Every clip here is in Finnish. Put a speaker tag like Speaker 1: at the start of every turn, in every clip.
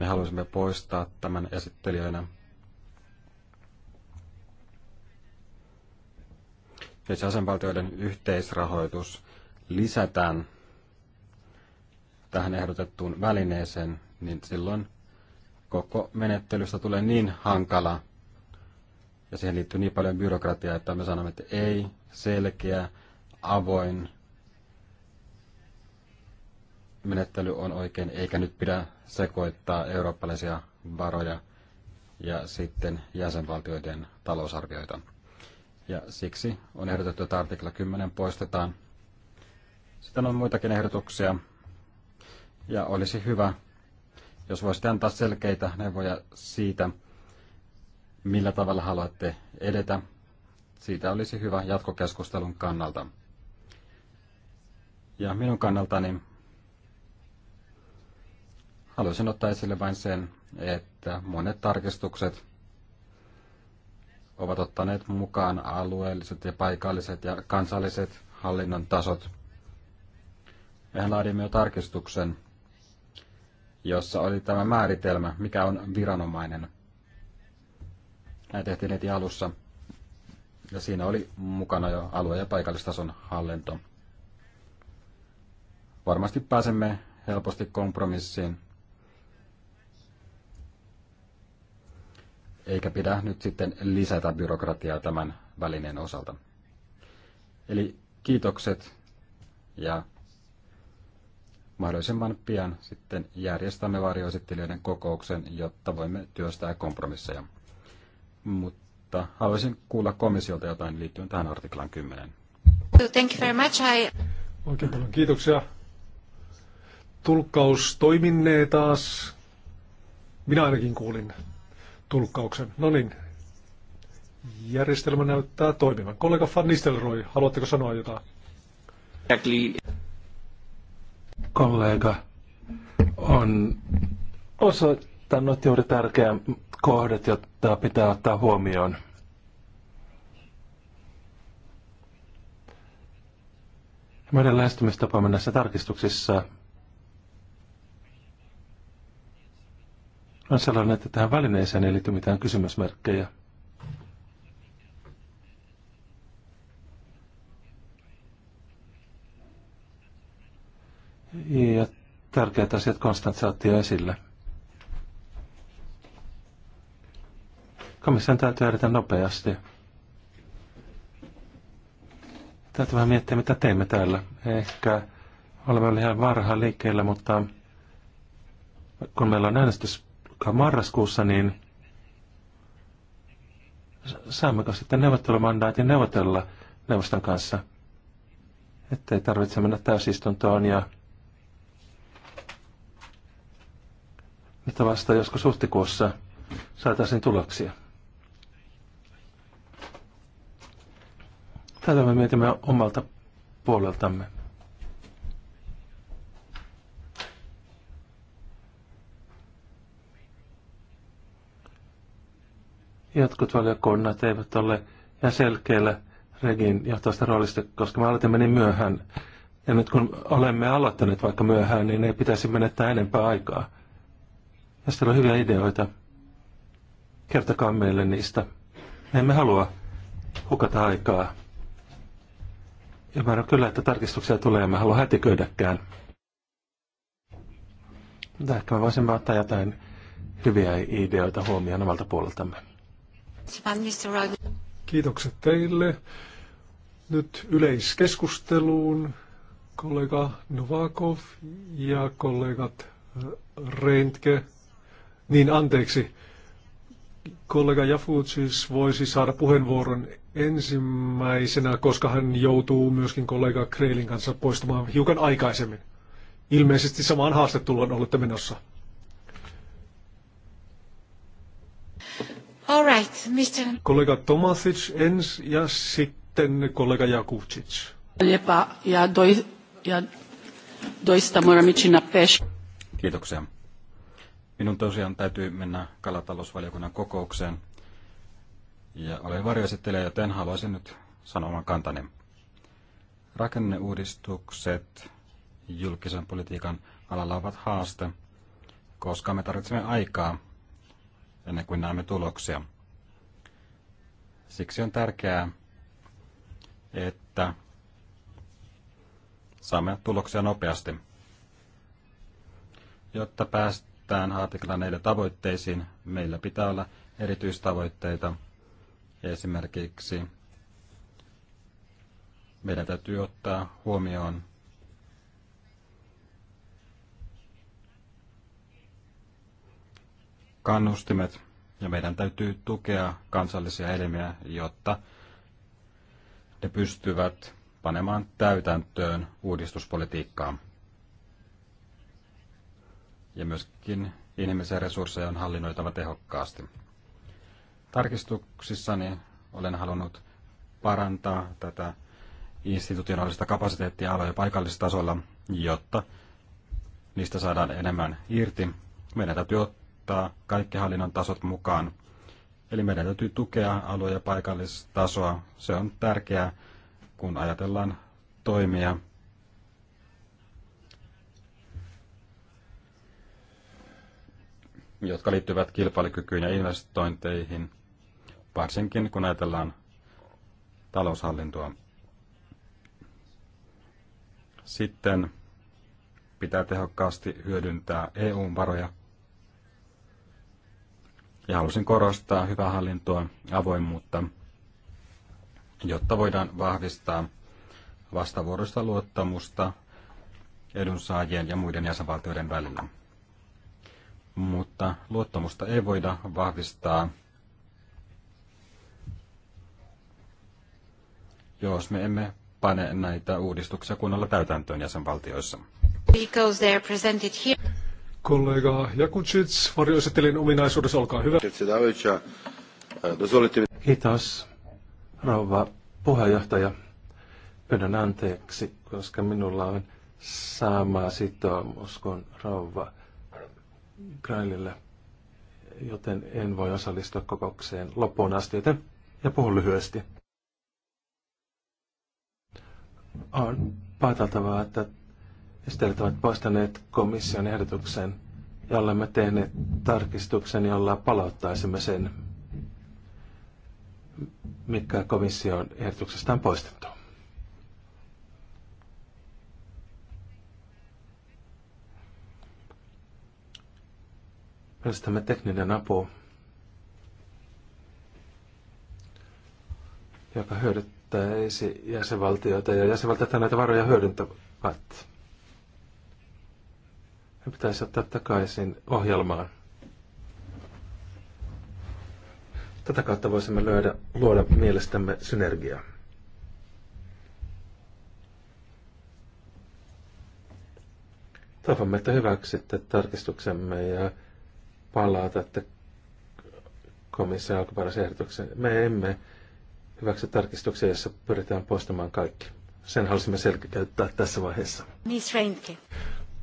Speaker 1: Me haluaisimme poistaa tämän esittelijänä. Jos jäsenvaltioiden yhteisrahoitus lisätään tähän ehdotettuun välineeseen, niin silloin koko menettelystä tulee niin hankala ja siihen liittyy niin paljon byrokratiaa, että me sanomme, että ei, selkeä, avoin menettely on oikein, eikä nyt pidä sekoittaa eurooppalaisia varoja ja sitten jäsenvaltioiden talousarvioita. Ja siksi on ehdotettu, että artikla 10 poistetaan. Sitten on muitakin ehdotuksia. Ja olisi hyvä, jos voisitte antaa selkeitä neuvoja siitä, millä tavalla haluatte edetä. Siitä olisi hyvä jatkokeskustelun kannalta. Ja minun kannaltani Haluaisin ottaa esille vain sen, että monet tarkistukset ovat ottaneet mukaan alueelliset ja paikalliset ja kansalliset hallinnon tasot. Mehän laadimme jo tarkistuksen, jossa oli tämä määritelmä, mikä on viranomainen. Näin tehtiin heti alussa. Ja siinä oli mukana jo alue- ja paikallistason hallinto. Varmasti pääsemme helposti kompromissiin eikä pidä nyt sitten lisätä byrokratiaa tämän välineen osalta. Eli kiitokset ja mahdollisimman pian sitten järjestämme varjoesittelijöiden kokouksen, jotta voimme työstää kompromisseja. Mutta haluaisin kuulla komissiolta jotain liittyen tähän artiklan 10.
Speaker 2: Thank you
Speaker 3: very much. I...
Speaker 1: Oikein paljon kiitoksia. Tulkkaus toiminnee
Speaker 2: taas. Minä ainakin kuulin tulkkauksen. No niin, järjestelmä näyttää toimivan. Kollega Van Nistelrooy, haluatteko sanoa jotain?
Speaker 3: Kollega on osoittanut juuri tärkeän kohdat, jotta pitää ottaa huomioon. Meidän lähestymistapamme näissä tarkistuksissa On sellainen, että tähän välineeseen ei liity mitään kysymysmerkkejä. Ja tärkeät asiat Konstantin saatti jo esille. Komission täytyy edetä nopeasti. Täytyy vähän miettiä, mitä teemme täällä. Ehkä olemme ihan varhaan liikkeellä, mutta kun meillä on äänestys marraskuussa, niin saammeko sitten neuvottelumandaatin neuvotella neuvoston kanssa, ettei tarvitse mennä täysistuntoon ja että vasta joskus huhtikuussa saataisiin tuloksia. Tätä me mietimme omalta puoleltamme. Jotkut valiokunnat eivät ole ja selkeällä Regin johtavasta roolista, koska me aloitimme niin myöhään. Ja nyt kun olemme aloittaneet vaikka myöhään, niin ei pitäisi menettää enempää aikaa. Ja on hyviä ideoita, kertokaa meille niistä. Me emme halua hukata aikaa. Ymmärrän kyllä, että tarkistuksia tulee ja mä haluan hätiköidäkään. Mutta ehkä me voisimme ottaa jotain hyviä ideoita huomioon omalta puoleltamme.
Speaker 2: Kiitokset teille. Nyt yleiskeskusteluun kollega Novakov ja kollegat äh, Reintke. Niin anteeksi, kollega Jafutsis voisi saada puheenvuoron ensimmäisenä, koska hän joutuu myöskin kollega Kreilin kanssa poistumaan hiukan aikaisemmin. Ilmeisesti samaan haastatteluun olette menossa. All right, Mr. Kollega Tomasic ens ja sitten kollega Jakucic.
Speaker 1: Lijepa, ja, doi, ja doista moram ići Kiitoksia. Minun tosiaan täytyy mennä kalatalousvaliokunnan kokoukseen. Ja olen varjoesittelijä, joten haluaisin nyt sanoa oman kantani. Rakenneuudistukset julkisen politiikan alalla ovat haaste, koska me tarvitsemme aikaa ennen kuin näemme tuloksia. Siksi on tärkeää, että saamme tuloksia nopeasti. Jotta päästään artikla 4 tavoitteisiin, meillä pitää olla erityistavoitteita. Esimerkiksi meidän täytyy ottaa huomioon kannustimet ja meidän täytyy tukea kansallisia elimiä, jotta ne pystyvät panemaan täytäntöön uudistuspolitiikkaa. Ja myöskin inhimillisiä resursseja on hallinnoitava tehokkaasti. Tarkistuksissani olen halunnut parantaa tätä institutionaalista kapasiteettia alue- ja paikallistasolla, jotta niistä saadaan enemmän irti. Meidän täytyy ottaa ottaa kaikki hallinnon tasot mukaan. Eli meidän täytyy tukea alue- ja paikallistasoa. Se on tärkeää, kun ajatellaan toimia. jotka liittyvät kilpailukykyyn ja investointeihin, varsinkin kun ajatellaan taloushallintoa. Sitten pitää tehokkaasti hyödyntää EUn varoja. Ja halusin korostaa hyvää hallintoa, avoimuutta, jotta voidaan vahvistaa vastavuoroista luottamusta edunsaajien ja muiden jäsenvaltioiden välillä. Mutta luottamusta ei voida vahvistaa, jos me emme pane näitä uudistuksia kunnolla täytäntöön jäsenvaltioissa
Speaker 2: kollega Jakutsic, varjoisettelin ominaisuudessa, olkaa hyvä.
Speaker 3: Kiitos, rouva puheenjohtaja. Pyydän anteeksi, koska minulla on sama sitoumus kuin rouva Grailille, joten en voi osallistua kokoukseen loppuun asti, joten ja puhun lyhyesti. On paateltavaa, että esittelijät ovat vastanneet komission ehdotuksen ja olemme tehneet tarkistuksen, jolla palauttaisimme sen, mikä komission ehdotuksesta on poistettu. Mielestämme tekninen apu, joka hyödyttäisi jäsenvaltioita ja jäsenvaltioita näitä varoja hyödyntävät. Me pitäisi ottaa takaisin ohjelmaan. Tätä kautta voisimme löydä, luoda mielestämme synergiaa. Toivomme, että hyväksytte tarkistuksemme ja palautatte komission alkuperäisen ehdotuksen. Me emme hyväksy tarkistuksia, jossa pyritään poistamaan kaikki. Sen halusimme
Speaker 2: selkeyttää tässä vaiheessa. Miss Reinke.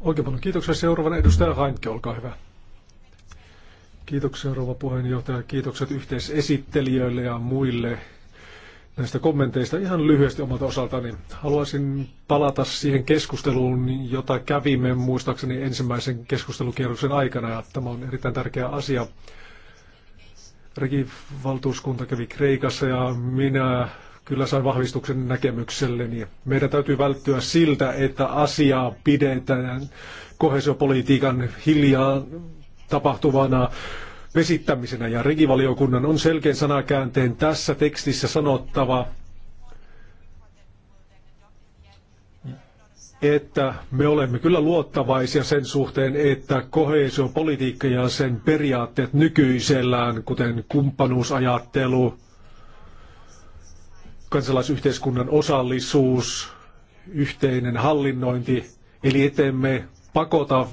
Speaker 2: Oikein paljon kiitoksia. Seuraavana edustaja Hainke, olkaa hyvä. Kiitoksia rouva puheenjohtaja. Kiitokset yhteisesittelijöille ja muille näistä kommenteista. Ihan lyhyesti omalta osaltani. Haluaisin palata siihen keskusteluun, jota kävimme muistaakseni ensimmäisen keskustelukierroksen aikana. Ja tämä on erittäin tärkeä asia. Regi-valtuuskunta kävi Kreikassa ja minä Kyllä sain vahvistuksen näkemykselleni. Meidän täytyy välttyä siltä, että asiaa pidetään kohesiopolitiikan hiljaa tapahtuvana vesittämisenä ja regivaliokunnan on selkeän sanakäänteen tässä tekstissä sanottava, että me olemme kyllä luottavaisia sen suhteen, että koheesiopolitiikka ja sen periaatteet nykyisellään, kuten kumppanuusajattelu, kansalaisyhteiskunnan osallisuus, yhteinen hallinnointi, eli etemme pakota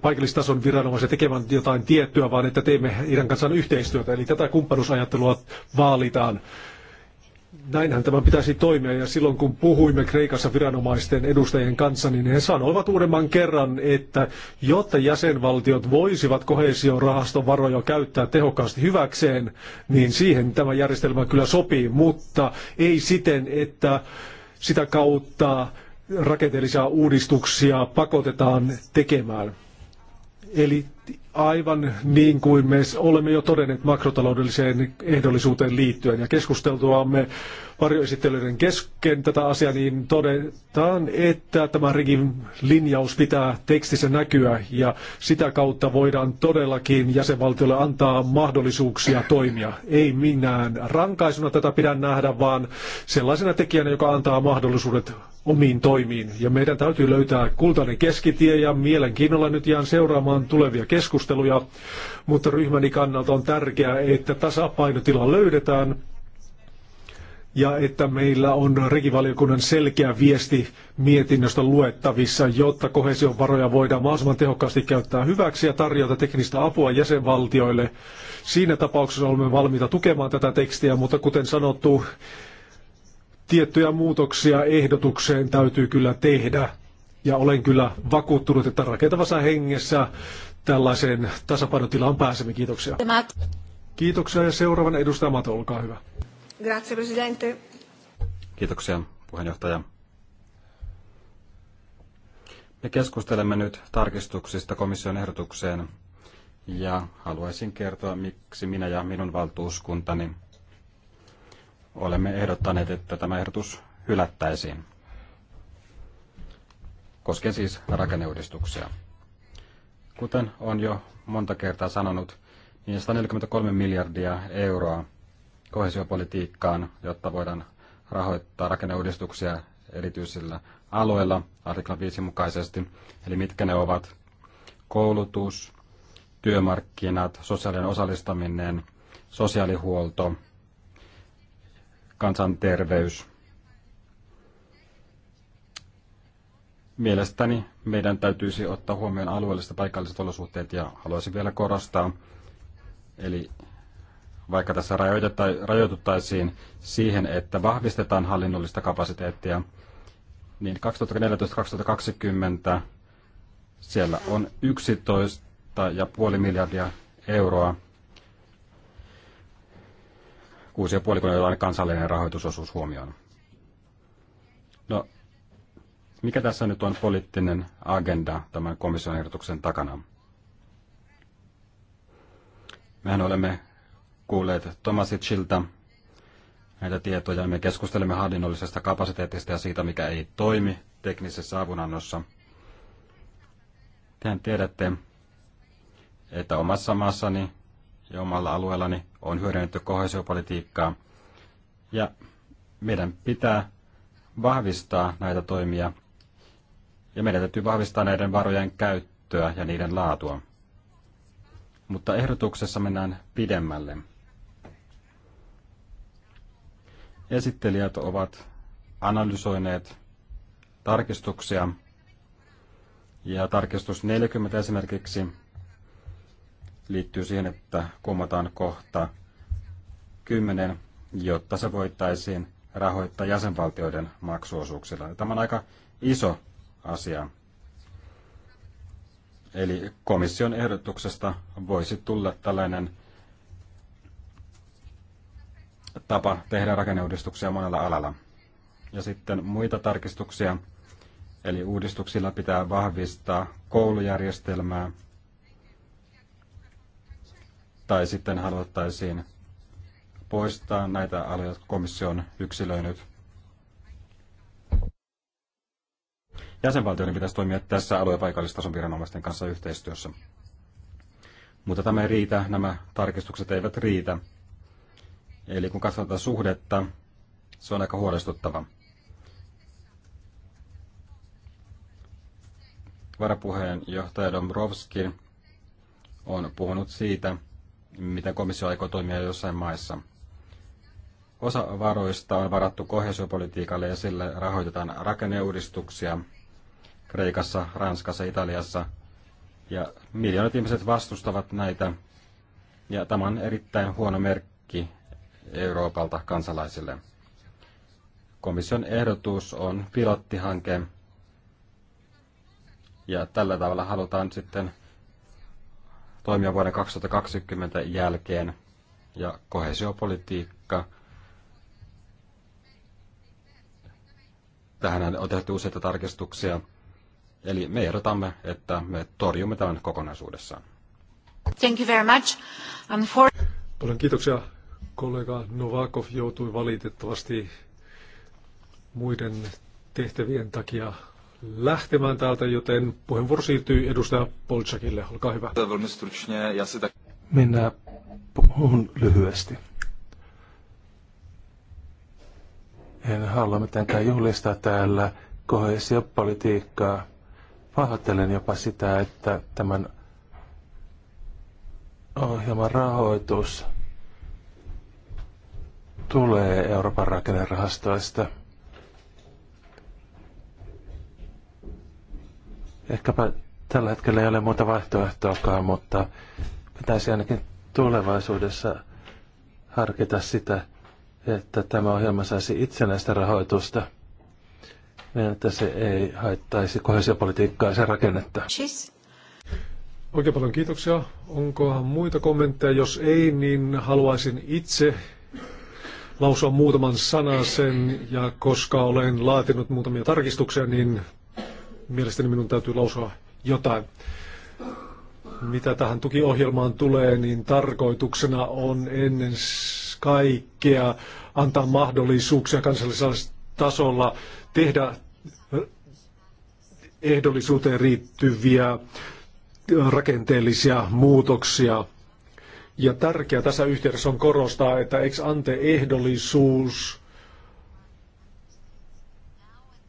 Speaker 2: paikallistason viranomaisia tekemään jotain tiettyä, vaan että teemme heidän kanssaan yhteistyötä. Eli tätä kumppanuusajattelua vaalitaan. Näinhän tämän pitäisi toimia ja silloin kun puhuimme Kreikassa viranomaisten edustajien kanssa, niin he sanoivat uudemman kerran, että jotta jäsenvaltiot voisivat kohesiorahaston varoja käyttää tehokkaasti hyväkseen, niin siihen tämä järjestelmä kyllä sopii, mutta ei siten, että sitä kautta rakenteellisia uudistuksia pakotetaan tekemään. Eli aivan niin kuin me olemme jo todenneet makrotaloudelliseen ehdollisuuteen liittyen ja keskusteltuamme varjoesittelyiden kesken tätä asiaa, niin todetaan, että tämä rigin linjaus pitää tekstissä näkyä ja sitä kautta voidaan todellakin jäsenvaltiolle antaa mahdollisuuksia toimia. Ei minään rankaisuna tätä pidä nähdä, vaan sellaisena tekijänä, joka antaa mahdollisuudet omiin toimiin. Ja meidän täytyy löytää kultainen keskitie ja mielenkiinnolla nyt jään seuraamaan tulevia keskusteluja keskusteluja, mutta ryhmäni kannalta on tärkeää, että tasapainotila löydetään ja että meillä on regivaliokunnan selkeä viesti mietinnöstä luettavissa, jotta kohesion varoja voidaan mahdollisimman tehokkaasti käyttää hyväksi ja tarjota teknistä apua jäsenvaltioille. Siinä tapauksessa olemme valmiita tukemaan tätä tekstiä, mutta kuten sanottu, tiettyjä muutoksia ehdotukseen täytyy kyllä tehdä. Ja olen kyllä vakuuttunut, että rakentavassa hengessä tällaiseen tasapainotilaan pääsemme. Kiitoksia. Kiitoksia ja seuraavan edustaja Mato, olkaa
Speaker 1: hyvä. Grazie, presidente. Kiitoksia, puheenjohtaja. Me keskustelemme nyt tarkistuksista komission ehdotukseen ja haluaisin kertoa, miksi minä ja minun valtuuskuntani olemme ehdottaneet, että tämä ehdotus hylättäisiin. Koskee siis rakenneuudistuksia. Kuten on jo monta kertaa sanonut, niin 143 miljardia euroa kohesiopolitiikkaan, jotta voidaan rahoittaa rakenneuudistuksia erityisillä alueilla. artiklan 5 mukaisesti. Eli mitkä ne ovat? Koulutus, työmarkkinat, sosiaalinen osallistaminen, sosiaalihuolto, kansanterveys Mielestäni meidän täytyisi ottaa huomioon alueelliset ja paikalliset olosuhteet ja haluaisin vielä korostaa, eli vaikka tässä rajoituttaisiin siihen, että vahvistetaan hallinnollista kapasiteettia, niin 2014-2020 siellä on 11,5 miljardia euroa, 6,5 kun kansallinen rahoitusosuus huomioon. Mikä tässä nyt on poliittinen agenda tämän komission ehdotuksen takana? Mehän olemme kuulleet Tomasicilta näitä tietoja. Me keskustelemme hallinnollisesta kapasiteetista ja siitä, mikä ei toimi teknisessä avunannossa. Tehän tiedätte, että omassa maassani ja omalla alueellani on hyödynnetty kohesiopolitiikkaa. Ja meidän pitää vahvistaa näitä toimia ja meidän täytyy vahvistaa näiden varojen käyttöä ja niiden laatua. Mutta ehdotuksessa mennään pidemmälle. Esittelijät ovat analysoineet tarkistuksia ja tarkistus 40 esimerkiksi liittyy siihen, että kumotaan kohta 10, jotta se voitaisiin rahoittaa jäsenvaltioiden maksuosuuksilla. Tämä on aika iso asiaa. Eli komission ehdotuksesta voisi tulla tällainen tapa tehdä rakenneuudistuksia monella alalla. Ja sitten muita tarkistuksia, eli uudistuksilla pitää vahvistaa koulujärjestelmää, tai sitten haluttaisiin poistaa näitä aloja, komission yksilöinyt. jäsenvaltioiden pitäisi toimia tässä alue- ja paikallistason viranomaisten kanssa yhteistyössä. Mutta tämä ei riitä, nämä tarkistukset eivät riitä. Eli kun katsotaan suhdetta, se on aika huolestuttava. Varapuheenjohtaja Dombrovski on puhunut siitä, miten komissio aikoo toimia jossain maissa. Osa varoista on varattu kohesiopolitiikalle ja sillä rahoitetaan rakenneuudistuksia Kreikassa, Ranskassa, Italiassa. Ja miljoonat ihmiset vastustavat näitä. Ja tämä on erittäin huono merkki Euroopalta kansalaisille. Komission ehdotus on pilottihanke. Ja tällä tavalla halutaan sitten toimia vuoden 2020 jälkeen. Ja kohesiopolitiikka tähän on tehty useita tarkistuksia. Eli me ehdotamme, että me torjumme tämän kokonaisuudessaan.
Speaker 2: Thank you very much. For... Paljon kiitoksia. Kollega Novakov joutui valitettavasti muiden tehtävien takia lähtemään täältä, joten puheenvuoro siirtyy edustaja Polchakille. Olkaa hyvä.
Speaker 3: Minä puhun lyhyesti. En halua mitenkään juhlistaa täällä kohesiopolitiikkaa pahoittelen jopa sitä, että tämän ohjelman rahoitus tulee Euroopan rakennerahastoista. Ehkäpä tällä hetkellä ei ole muuta vaihtoehtoakaan, mutta pitäisi ainakin tulevaisuudessa harkita sitä, että tämä ohjelma saisi itsenäistä rahoitusta – niin että se ei haittaisi kohesiopolitiikkaa ja sen rakennetta. Siis.
Speaker 2: Oikein paljon kiitoksia. Onkohan muita kommentteja? Jos ei, niin haluaisin itse lausua muutaman sanan sen, ja koska olen laatinut muutamia tarkistuksia, niin mielestäni minun täytyy lausua jotain. Mitä tähän tukiohjelmaan tulee, niin tarkoituksena on ennen kaikkea antaa mahdollisuuksia kansallisella tasolla tehdä eh, ehdollisuuteen riittyviä eh, rakenteellisia muutoksia. Ja tärkeää tässä yhteydessä on korostaa, että ex ante ehdollisuus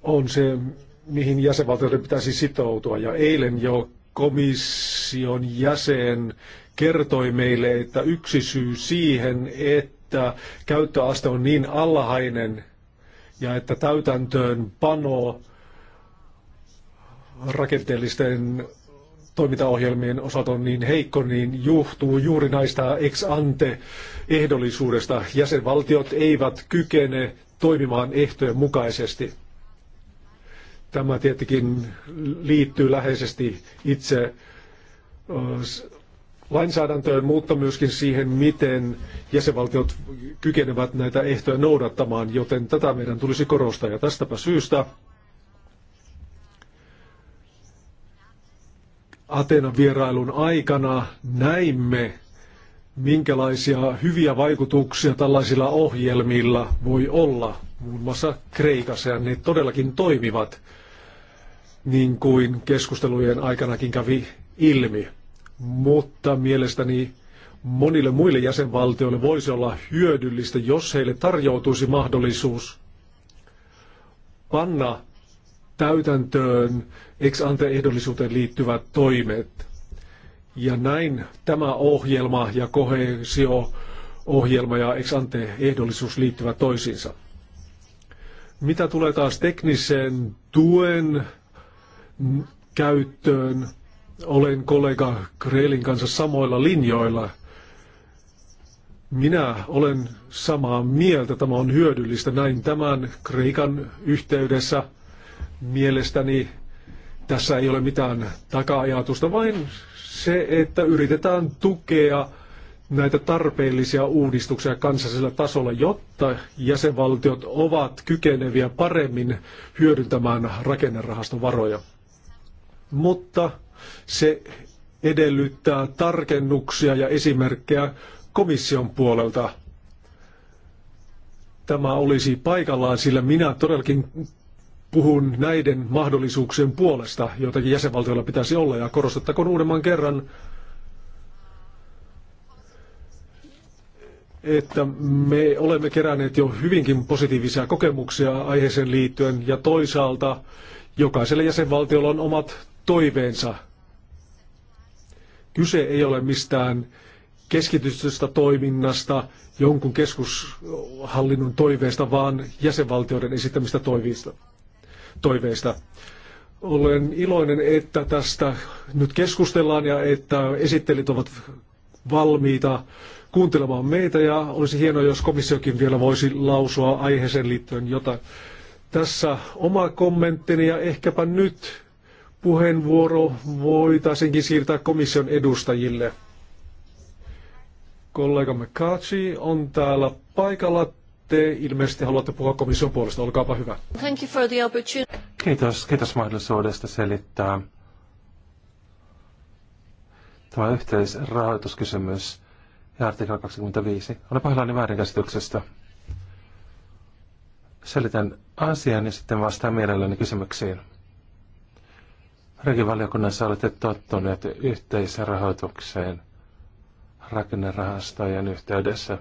Speaker 2: on se, mihin jäsenvaltioiden pitäisi sitoutua. Ja eilen jo komission jäsen kertoi meille, että yksi syy siihen, että käyttöaste on niin alhainen, ja että täytäntöön pano rakenteellisten toimintaohjelmien osalta on niin heikko, niin juhtuu juuri näistä ex ante ehdollisuudesta. Jäsenvaltiot eivät kykene toimimaan ehtojen mukaisesti. Tämä tietenkin liittyy läheisesti itse lainsäädäntöön, mutta myöskin siihen, miten jäsenvaltiot kykenevät näitä ehtoja noudattamaan, joten tätä meidän tulisi korostaa. Ja tästäpä syystä Atenan vierailun aikana näimme, minkälaisia hyviä vaikutuksia tällaisilla ohjelmilla voi olla, muun muassa Kreikassa, ja ne todellakin toimivat, niin kuin keskustelujen aikanakin kävi ilmi mutta mielestäni monille muille jäsenvaltioille voisi olla hyödyllistä, jos heille tarjoutuisi mahdollisuus panna täytäntöön ex ante ehdollisuuteen liittyvät toimet. Ja näin tämä ohjelma ja kohesio ohjelma ja ex ante ehdollisuus liittyvät toisiinsa. Mitä tulee taas teknisen tuen käyttöön, olen kollega Grelin kanssa samoilla linjoilla. Minä olen samaa mieltä, tämä on hyödyllistä. Näin tämän Kreikan yhteydessä mielestäni tässä ei ole mitään taka-ajatusta, vain se, että yritetään tukea näitä tarpeellisia uudistuksia kansallisella tasolla, jotta jäsenvaltiot ovat kykeneviä paremmin hyödyntämään rakennerahaston varoja. Mutta se edellyttää tarkennuksia ja esimerkkejä komission puolelta. Tämä olisi paikallaan, sillä minä todellakin puhun näiden mahdollisuuksien puolesta, joita jäsenvaltioilla pitäisi olla, ja korostettakoon uudemman kerran, että me olemme keränneet jo hyvinkin positiivisia kokemuksia aiheeseen liittyen, ja toisaalta jokaisella jäsenvaltiolla on omat toiveensa Kyse ei ole mistään keskitystystä toiminnasta, jonkun
Speaker 1: keskushallinnon
Speaker 2: toiveesta, vaan jäsenvaltioiden esittämistä toiveista. toiveista. Olen iloinen, että tästä nyt keskustellaan ja että esittelit ovat valmiita kuuntelemaan meitä ja olisi hienoa, jos komissiokin vielä voisi lausua aiheeseen liittyen jotain. Tässä oma kommenttini ja ehkäpä nyt puheenvuoro voitaisinkin siirtää komission edustajille. Kollegamme Kachi on täällä paikalla. Te ilmeisesti haluatte puhua komission puolesta. Olkaapa hyvä. Thank you for the opportunity. Kiitos, kiitos mahdollisuudesta selittää tämä
Speaker 3: yhteisrahoituskysymys ja artikla 25. Olen pahoillani väärinkäsityksestä. Selitän asian ja sitten vastaan mielelläni kysymyksiin. Regivaliokunnassa olette tottuneet yhteisrahoitukseen rakennerahastojen yhteydessä.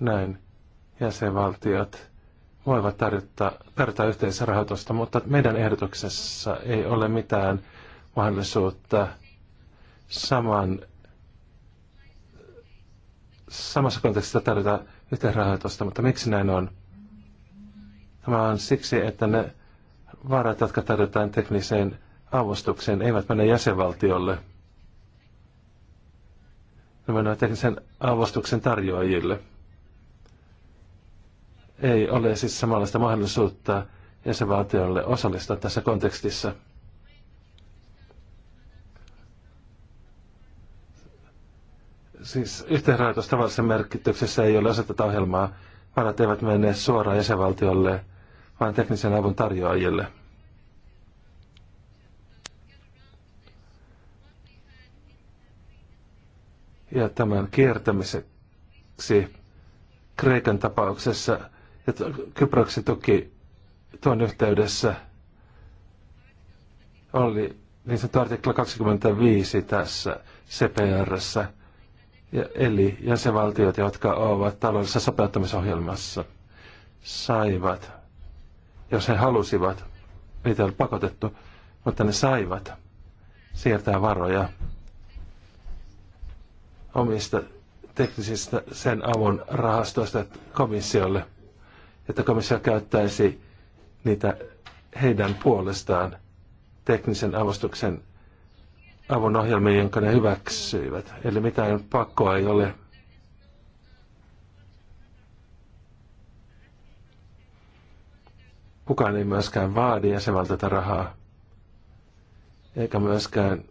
Speaker 3: Näin jäsenvaltiot voivat tarjota, tarjota yhteisrahoitusta, mutta meidän ehdotuksessa ei ole mitään mahdollisuutta saman, samassa kontekstissa tarjota yhteisrahoitusta, mutta miksi näin on? Tämä on siksi, että ne varat, jotka tarjotaan tekniseen avustukseen, eivät mene jäsenvaltiolle. Ne menevät teknisen avustuksen tarjoajille. Ei ole siis samanlaista mahdollisuutta jäsenvaltiolle osallistua tässä kontekstissa. Siis yhteenrahoitus tavallisessa merkityksessä ei ole aseteta ohjelmaa. Varat eivät mene suoraan jäsenvaltiolle vaan teknisen avun tarjoajille. Ja tämän kiertämiseksi Kreikan tapauksessa ja Kyproksen tuki tuon yhteydessä oli niin sanottu artikla 25 tässä CPRssä, ja, eli jäsenvaltiot, jotka ovat taloudellisessa sopeuttamisohjelmassa, saivat jos he halusivat, niitä oli pakotettu, mutta ne saivat siirtää varoja omista teknisistä sen avun rahastoista komissiolle, että komissio käyttäisi niitä heidän puolestaan teknisen avustuksen avun ohjelmiin, jonka ne hyväksyivät. Eli mitään pakkoa ei ole Kukaan ei myöskään vaadi jäsenvaltiota rahaa, eikä myöskään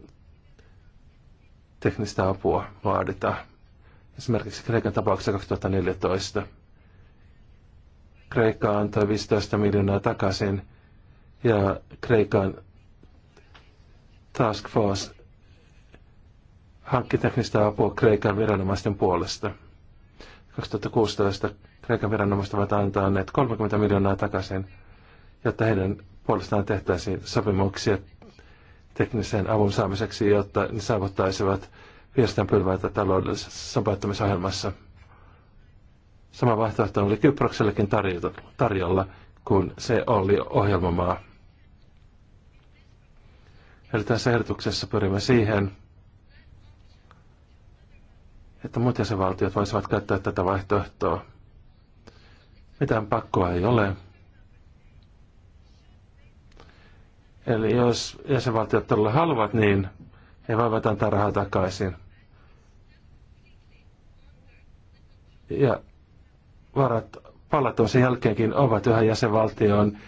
Speaker 3: teknistä apua vaadita. Esimerkiksi Kreikan tapauksessa 2014 Kreikka antoi 15 miljoonaa takaisin ja Kreikan Task Force hankki teknistä apua Kreikan viranomaisten puolesta. 2016 Kreikan viranomaiset ovat antaneet 30 miljoonaa takaisin jotta heidän puolestaan tehtäisiin sopimuksia teknisen avun saamiseksi, jotta ne saavuttaisivat viestinpylväitä taloudellisessa sopeuttamisohjelmassa. Sama vaihtoehto oli Kyproksellekin tarjolla, kun se oli ohjelmamaa. Eli tässä ehdotuksessa pyrimme siihen, että muut jäsenvaltiot voisivat käyttää tätä vaihtoehtoa. Mitään pakkoa ei ole. Eli jos jäsenvaltiot todella haluavat, niin he voivat antaa rahaa takaisin. Ja varat palaton sen jälkeenkin ovat yhä jäsenvaltion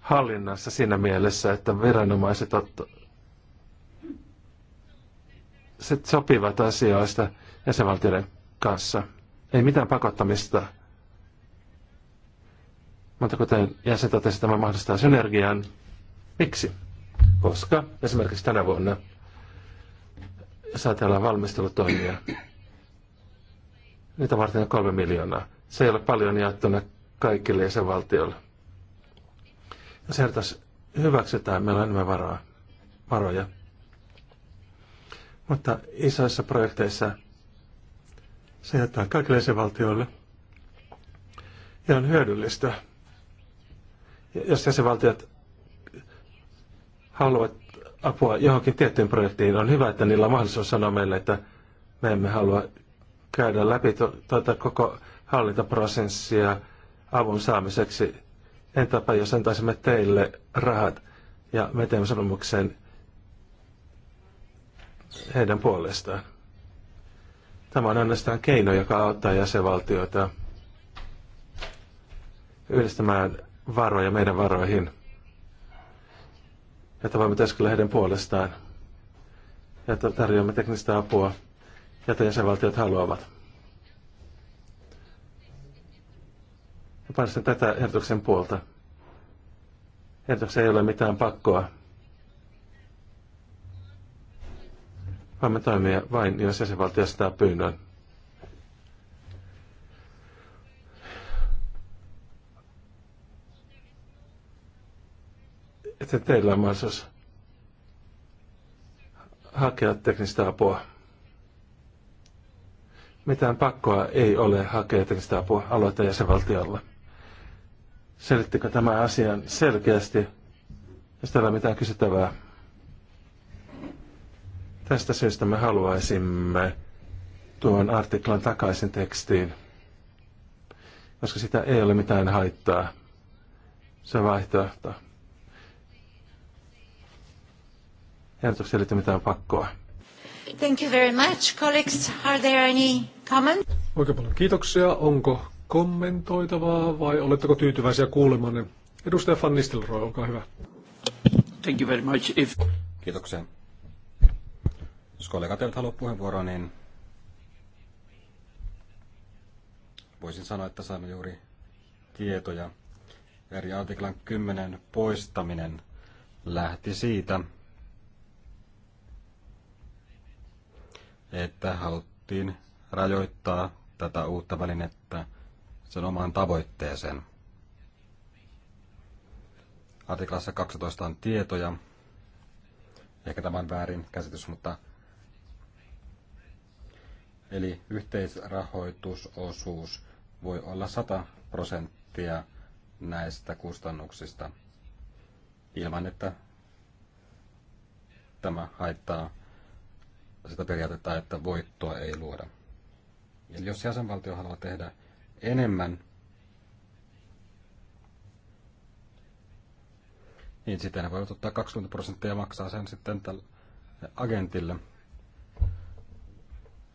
Speaker 3: hallinnassa siinä mielessä, että viranomaiset otto, se sopivat asioista jäsenvaltioiden kanssa. Ei mitään pakottamista. Mutta kuten jäsen totesi, tämä mahdollistaa synergian Miksi? Koska esimerkiksi tänä vuonna saatellaan valmistelutoimia. Niitä varten on kolme miljoonaa. Se ei ole paljon jaettuna kaikille jäsenvaltioille. Ja se hyväksytään, meillä on enemmän varoa, varoja. Mutta isoissa projekteissa se jätetään kaikille jäsenvaltioille. Ja on hyödyllistä, jos jäsenvaltiot haluavat apua johonkin tiettyyn projektiin, on hyvä, että niillä on mahdollisuus sanoa meille, että me emme halua käydä läpi tuota koko hallintaprosessia avun saamiseksi. Entäpä jos antaisimme teille rahat ja me teemme sanomukseen heidän puolestaan. Tämä on ainoastaan keino, joka auttaa jäsenvaltioita yhdistämään varoja meidän varoihin – että voimme työskennellä heidän puolestaan ja että tarjoamme teknistä apua, jota jäsenvaltiot haluavat. Ja painostan tätä ehdotuksen puolta. Ehdotuksessa ei ole mitään pakkoa. Voimme toimia vain, jos jäsenvaltio sitä pyynnön. että teillä on mahdollisuus hakea teknistä apua. Mitään pakkoa ei ole hakea teknistä apua aloita jäsenvaltiolla. Selittikö tämä asian selkeästi, jos täällä on mitään kysyttävää? Tästä syystä me haluaisimme tuon artiklan takaisin tekstiin, koska sitä ei ole mitään haittaa. Se vaihtoehto. Ehdotukselle ei
Speaker 2: mitään pakkoa. Thank you very much. Colleagues, are there any comments? Oikein paljon kiitoksia. Onko kommentoitavaa vai oletteko tyytyväisiä kuulemanne? Edustaja Van Nistelrooy, olkaa hyvä.
Speaker 1: Thank you very much. If... Kiitoksia. Jos kollegat eivät halua puheenvuoroa, niin voisin sanoa, että saimme juuri tietoja. Eri artiklan 10 poistaminen lähti siitä, että haluttiin rajoittaa tätä uutta välinettä sen omaan tavoitteeseen. Artiklassa 12 on tietoja. Ehkä tämä on väärin käsitys, mutta Eli yhteisrahoitusosuus voi olla 100 prosenttia näistä kustannuksista ilman, että tämä haittaa sitä periaatetta, että voittoa ei luoda. Eli jos jäsenvaltio haluaa tehdä enemmän, niin sitten ne voivat ottaa 20 prosenttia ja maksaa sen sitten tälle agentille,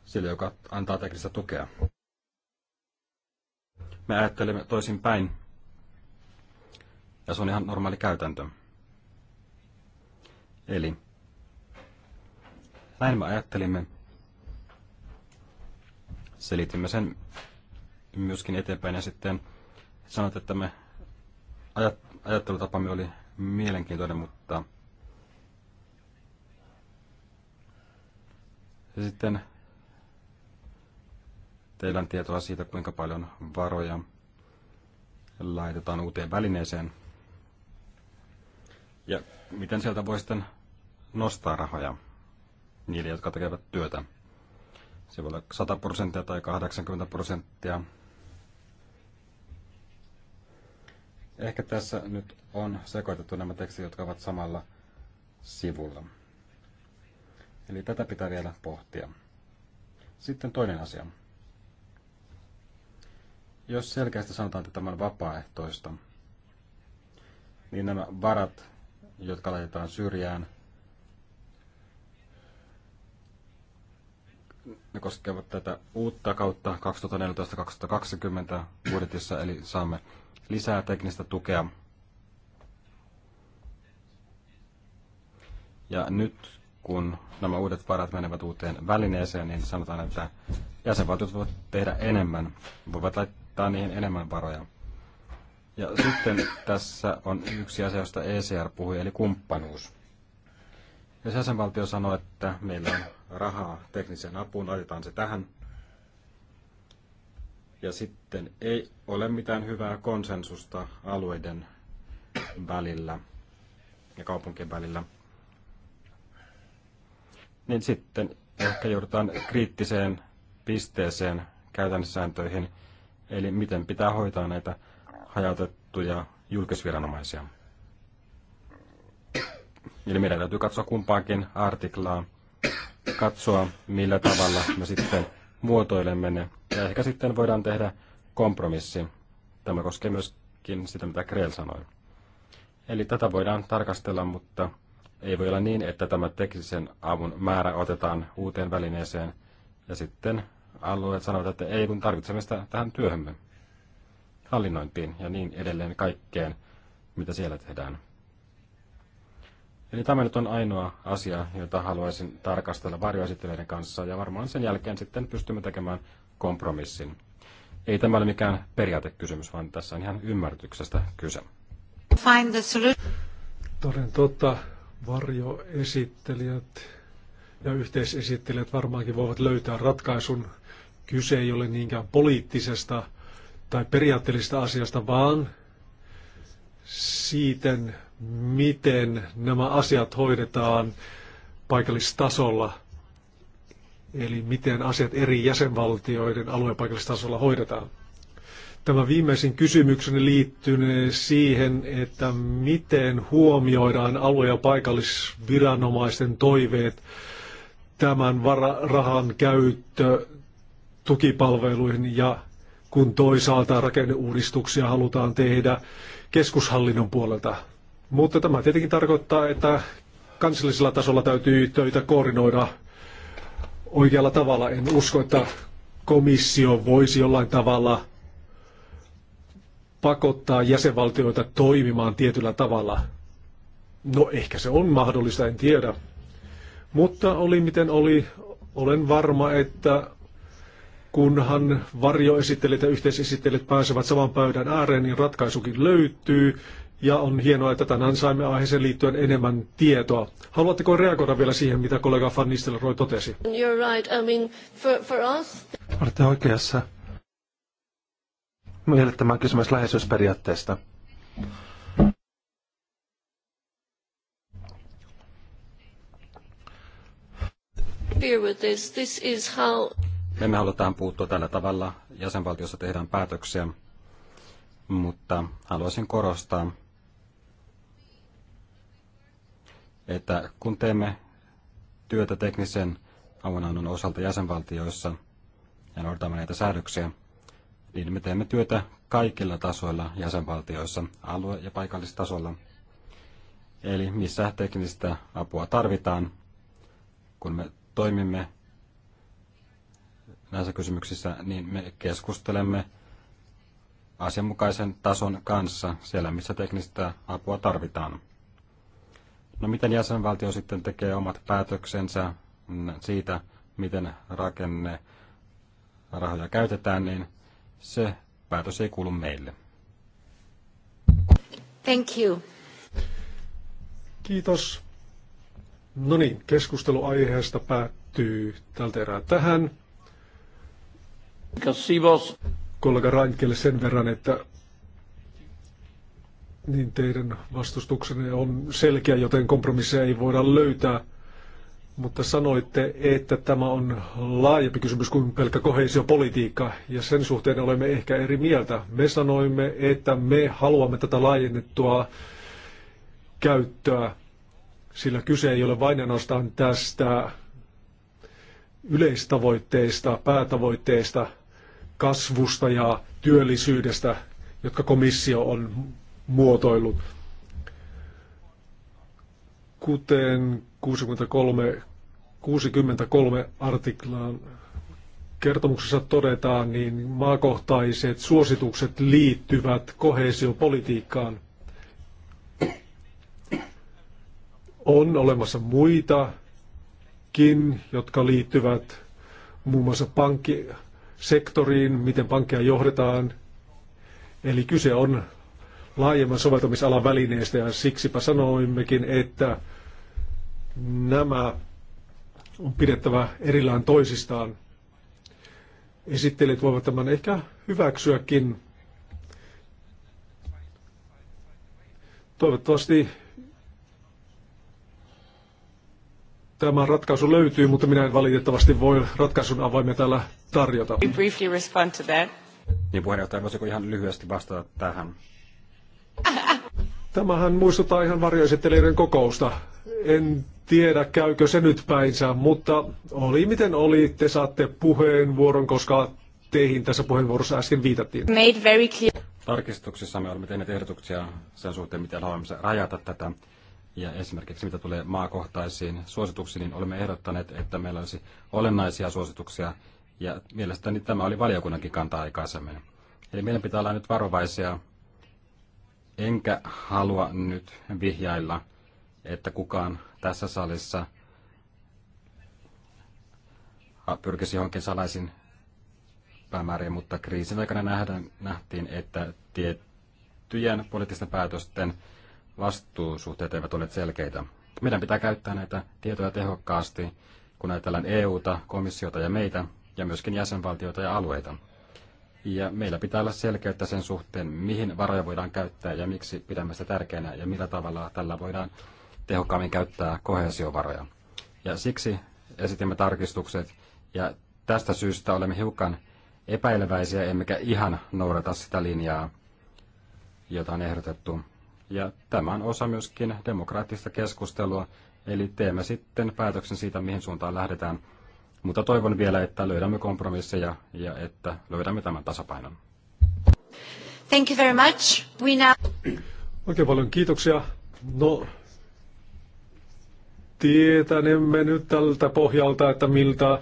Speaker 1: sille joka antaa teknistä tukea. Me ajattelemme toisin päin, ja se on ihan normaali käytäntö. Eli näin me ajattelimme. Selitimme sen myöskin eteenpäin ja sitten sanot että me ajattelutapamme oli mielenkiintoinen, mutta ja sitten teillä on tietoa siitä, kuinka paljon varoja laitetaan uuteen välineeseen ja miten sieltä voi sitten nostaa rahoja niille, jotka tekevät työtä. Se voi olla 100 prosenttia tai 80 prosenttia. Ehkä tässä nyt on sekoitettu nämä tekstit, jotka ovat samalla sivulla. Eli tätä pitää vielä pohtia. Sitten toinen asia. Jos selkeästi sanotaan, että tämä on vapaaehtoista, niin nämä varat, jotka laitetaan syrjään ne koskevat tätä uutta kautta 2014-2020 budjetissa, eli saamme lisää teknistä tukea. Ja nyt kun nämä uudet varat menevät uuteen välineeseen, niin sanotaan, että jäsenvaltiot voivat tehdä enemmän, voivat laittaa niihin enemmän varoja. Ja sitten tässä on yksi asia, josta ECR puhui, eli kumppanuus. Jos jäsenvaltio sanoo, että meillä on rahaa tekniseen apuun, laitetaan se tähän, ja sitten ei ole mitään hyvää konsensusta alueiden välillä ja kaupunkien välillä, niin sitten ehkä joudutaan kriittiseen pisteeseen käytännössääntöihin, eli miten pitää hoitaa näitä hajautettuja julkisviranomaisia. Eli meidän täytyy katsoa kumpaakin artiklaa, katsoa millä tavalla me sitten muotoilemme ne. Ja ehkä sitten voidaan tehdä kompromissi. Tämä koskee myöskin sitä, mitä Krell sanoi. Eli tätä voidaan tarkastella, mutta ei voi olla niin, että tämä teknisen avun määrä otetaan uuteen välineeseen ja sitten alueet sanovat, että ei kun tarvitsemme sitä tähän työhömme, hallinnointiin ja niin edelleen kaikkeen, mitä siellä tehdään. Eli tämä nyt on ainoa asia, jota haluaisin tarkastella varjoesittelijöiden kanssa, ja varmaan sen jälkeen sitten pystymme tekemään kompromissin. Ei tämä ole mikään periaatekysymys, vaan tässä on ihan ymmärtyksestä kyse.
Speaker 2: Find the solution.
Speaker 1: Toden totta,
Speaker 2: varjoesittelijät ja yhteisesittelijät varmaankin voivat löytää ratkaisun. Kyse ei ole niinkään poliittisesta tai periaatteellisesta asiasta, vaan siitä, miten nämä asiat hoidetaan paikallistasolla, eli miten asiat eri jäsenvaltioiden alueen paikallistasolla hoidetaan. Tämä viimeisin kysymykseni liittyy siihen, että miten huomioidaan alue- ja paikallisviranomaisten toiveet tämän rahan käyttö tukipalveluihin ja kun toisaalta rakenneuudistuksia halutaan tehdä keskushallinnon puolelta. Mutta tämä tietenkin tarkoittaa, että kansallisella tasolla täytyy töitä koordinoida oikealla tavalla. En usko, että komissio voisi jollain tavalla pakottaa jäsenvaltioita toimimaan tietyllä tavalla. No ehkä se on mahdollista, en tiedä. Mutta oli miten oli, olen varma, että kunhan varjoesittelijät ja yhteisesittelijät pääsevät saman pöydän ääreen, niin ratkaisukin löytyy ja on hienoa, että tänään saimme aiheeseen liittyen enemmän tietoa. Haluatteko reagoida vielä siihen, mitä kollega Van Nistelrooy totesi? You're right. I mean, for, for us...
Speaker 3: Olette oikeassa. Meille tämä kysymys läheisyysperiaatteesta.
Speaker 1: Me emme halutaan puuttua tällä tavalla. Jäsenvaltiossa tehdään päätöksiä, mutta haluaisin korostaa, että kun teemme työtä teknisen avunannon osalta jäsenvaltioissa ja noudatamme näitä säädöksiä, niin me teemme työtä kaikilla tasoilla jäsenvaltioissa, alue- ja paikallistasolla. Eli missä teknistä apua tarvitaan, kun me toimimme näissä kysymyksissä, niin me keskustelemme asianmukaisen tason kanssa siellä, missä teknistä apua tarvitaan. No miten jäsenvaltio sitten tekee omat päätöksensä siitä, miten rakenne rahoja käytetään, niin se päätös ei kuulu meille. Thank you. Kiitos. No niin, keskustelu
Speaker 2: aiheesta päättyy tältä erää tähän. Kollega Rankelle sen verran, että niin teidän vastustuksenne on selkeä, joten kompromisseja ei voida löytää. Mutta sanoitte, että tämä on laajempi kysymys kuin pelkkä koheisiopolitiikka, ja sen suhteen olemme ehkä eri mieltä. Me sanoimme, että me haluamme tätä laajennettua käyttöä, sillä kyse ei ole vain ainoastaan tästä yleistavoitteista, päätavoitteista, kasvusta ja työllisyydestä, jotka komissio on muotoillut. Kuten 63, 63 artiklaan kertomuksessa todetaan, niin maakohtaiset suositukset liittyvät kohesiopolitiikkaan. On olemassa muitakin, jotka liittyvät muun muassa pankkisektoriin, miten pankkeja johdetaan. Eli kyse on laajemman soveltamisalan välineestä ja siksipä sanoimmekin, että nämä on pidettävä erillään toisistaan. Esittelijät voivat tämän ehkä hyväksyäkin. Toivottavasti tämä ratkaisu löytyy, mutta minä en valitettavasti voi ratkaisun avaimia täällä tarjota.
Speaker 1: Niin puheenjohtaja, voisiko ihan lyhyesti vastata tähän?
Speaker 2: Tämähän muistuttaa ihan varjoesittelijöiden kokousta. En tiedä, käykö se nyt päinsä, mutta oli miten oli, te saatte puheenvuoron, koska teihin tässä
Speaker 1: puheenvuorossa äsken viitattiin. Made very clear. Tarkistuksessa me olemme tehneet ehdotuksia sen suhteen, miten haluamme rajata tätä. Ja esimerkiksi mitä tulee maakohtaisiin suosituksiin, niin olemme ehdottaneet, että meillä olisi olennaisia suosituksia. Ja mielestäni tämä oli valiokunnankin kanta aikaisemmin. Eli meidän pitää olla nyt varovaisia Enkä halua nyt vihjailla, että kukaan tässä salissa pyrkisi johonkin salaisin päämääriin, mutta kriisin aikana nähdään, nähtiin, että tiettyjen poliittisten päätösten vastuusuhteet eivät ole selkeitä. Meidän pitää käyttää näitä tietoja tehokkaasti, kun ajatellaan EUta, komissiota ja meitä, ja myöskin jäsenvaltioita ja alueita. Ja meillä pitää olla selkeyttä sen suhteen, mihin varoja voidaan käyttää ja miksi pidämme sitä tärkeänä ja millä tavalla tällä voidaan tehokkaammin käyttää kohesiovaroja. Ja siksi esitimme tarkistukset ja tästä syystä olemme hiukan epäileväisiä, emmekä ihan noudata sitä linjaa, jota on ehdotettu. Ja tämä on osa myöskin demokraattista keskustelua, eli teemme sitten päätöksen siitä, mihin suuntaan lähdetään – mutta toivon vielä, että löydämme kompromisseja ja että löydämme tämän tasapainon.
Speaker 2: Thank you very much. We now... Oikein paljon kiitoksia. No, tietänemme nyt tältä pohjalta, että miltä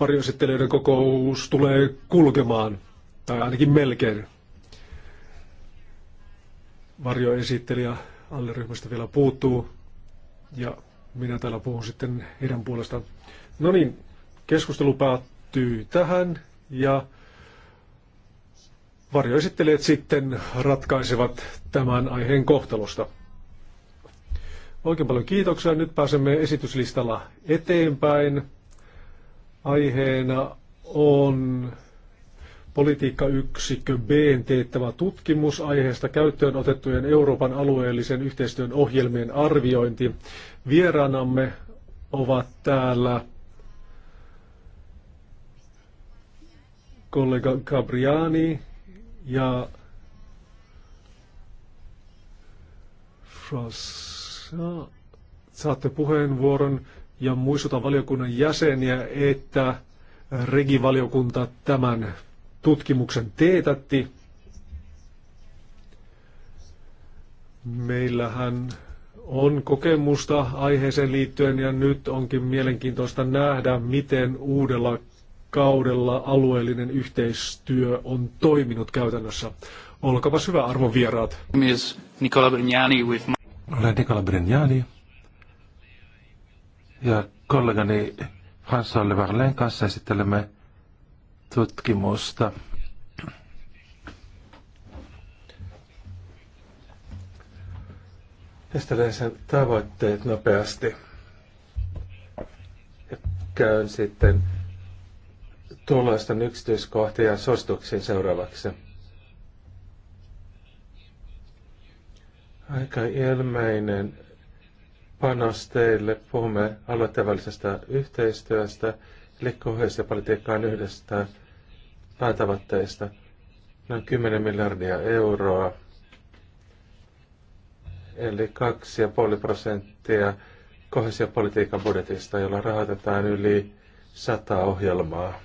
Speaker 2: varjoesittelijöiden kokous tulee kulkemaan, tai ainakin melkein. Varjoesittelijä alleryhmästä vielä puuttuu, ja minä täällä puhun sitten heidän puolestaan. No niin, Keskustelu päättyy tähän ja varjoesittelijät sitten ratkaisevat tämän aiheen kohtalosta. Oikein paljon kiitoksia. Nyt pääsemme esityslistalla eteenpäin. Aiheena on politiikka yksikkö B teettävä tutkimus aiheesta käyttöön otettujen Euroopan alueellisen yhteistyön ohjelmien arviointi. Vieraanamme ovat täällä kollega Gabriani ja Frassa. Saatte puheenvuoron ja muistutan valiokunnan jäseniä, että regivaliokunta tämän tutkimuksen teetätti. Meillähän on kokemusta aiheeseen liittyen ja nyt onkin mielenkiintoista nähdä, miten uudella kaudella alueellinen yhteistyö on toiminut käytännössä. Olkapa hyvä arvon vieraat.
Speaker 3: Olen Nikola Brignani ja kollegani Hans Oliverlen kanssa esittelemme tutkimusta Esitelen sen tavoitteet nopeasti. Ja käyn sitten tulosten yksityiskohtia ja suosituksiin seuraavaksi. Aika ilmeinen panos teille. Puhumme aloittavallisesta yhteistyöstä, liikkuvuus ja politiikkaan yhdestä päätavoitteista. Noin 10 miljardia euroa, eli 2,5 prosenttia politiikan budjetista, jolla rahoitetaan yli 100 ohjelmaa.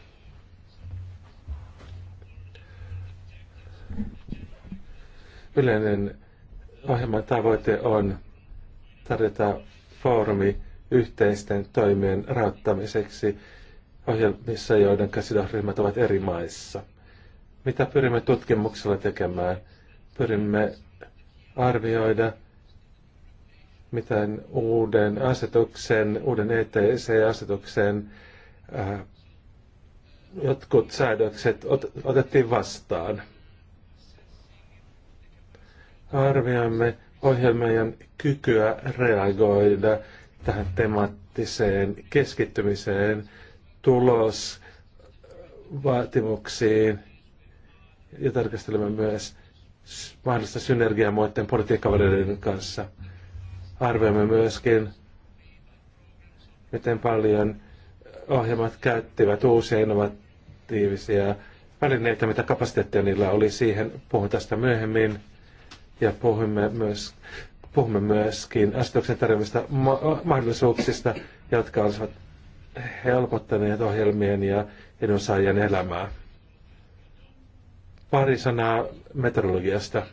Speaker 3: Yleinen ohjelman tavoite on tarjota foorumi yhteisten toimien rauttamiseksi ohjelmissa, joiden sidosryhmät ovat eri maissa. Mitä pyrimme tutkimuksella tekemään? Pyrimme arvioida, miten uuden asetuksen, uuden ETC-asetuksen äh, jotkut säädökset otettiin vastaan – arvioimme ohjelmien kykyä reagoida tähän temaattiseen keskittymiseen, tulosvaatimuksiin ja tarkastelemme myös mahdollista synergiaa muiden politiikkavalinnoiden kanssa. Arvioimme myöskin, miten paljon ohjelmat käyttivät uusia innovatiivisia välineitä, mitä kapasiteettia niillä oli siihen. Puhun tästä myöhemmin ja puhumme, myös, puhumme myöskin asetuksen tarjoamista ma- mahdollisuuksista, jotka olisivat helpottaneet ohjelmien ja edunsaajien elämää. Pari sanaa meteorologiasta.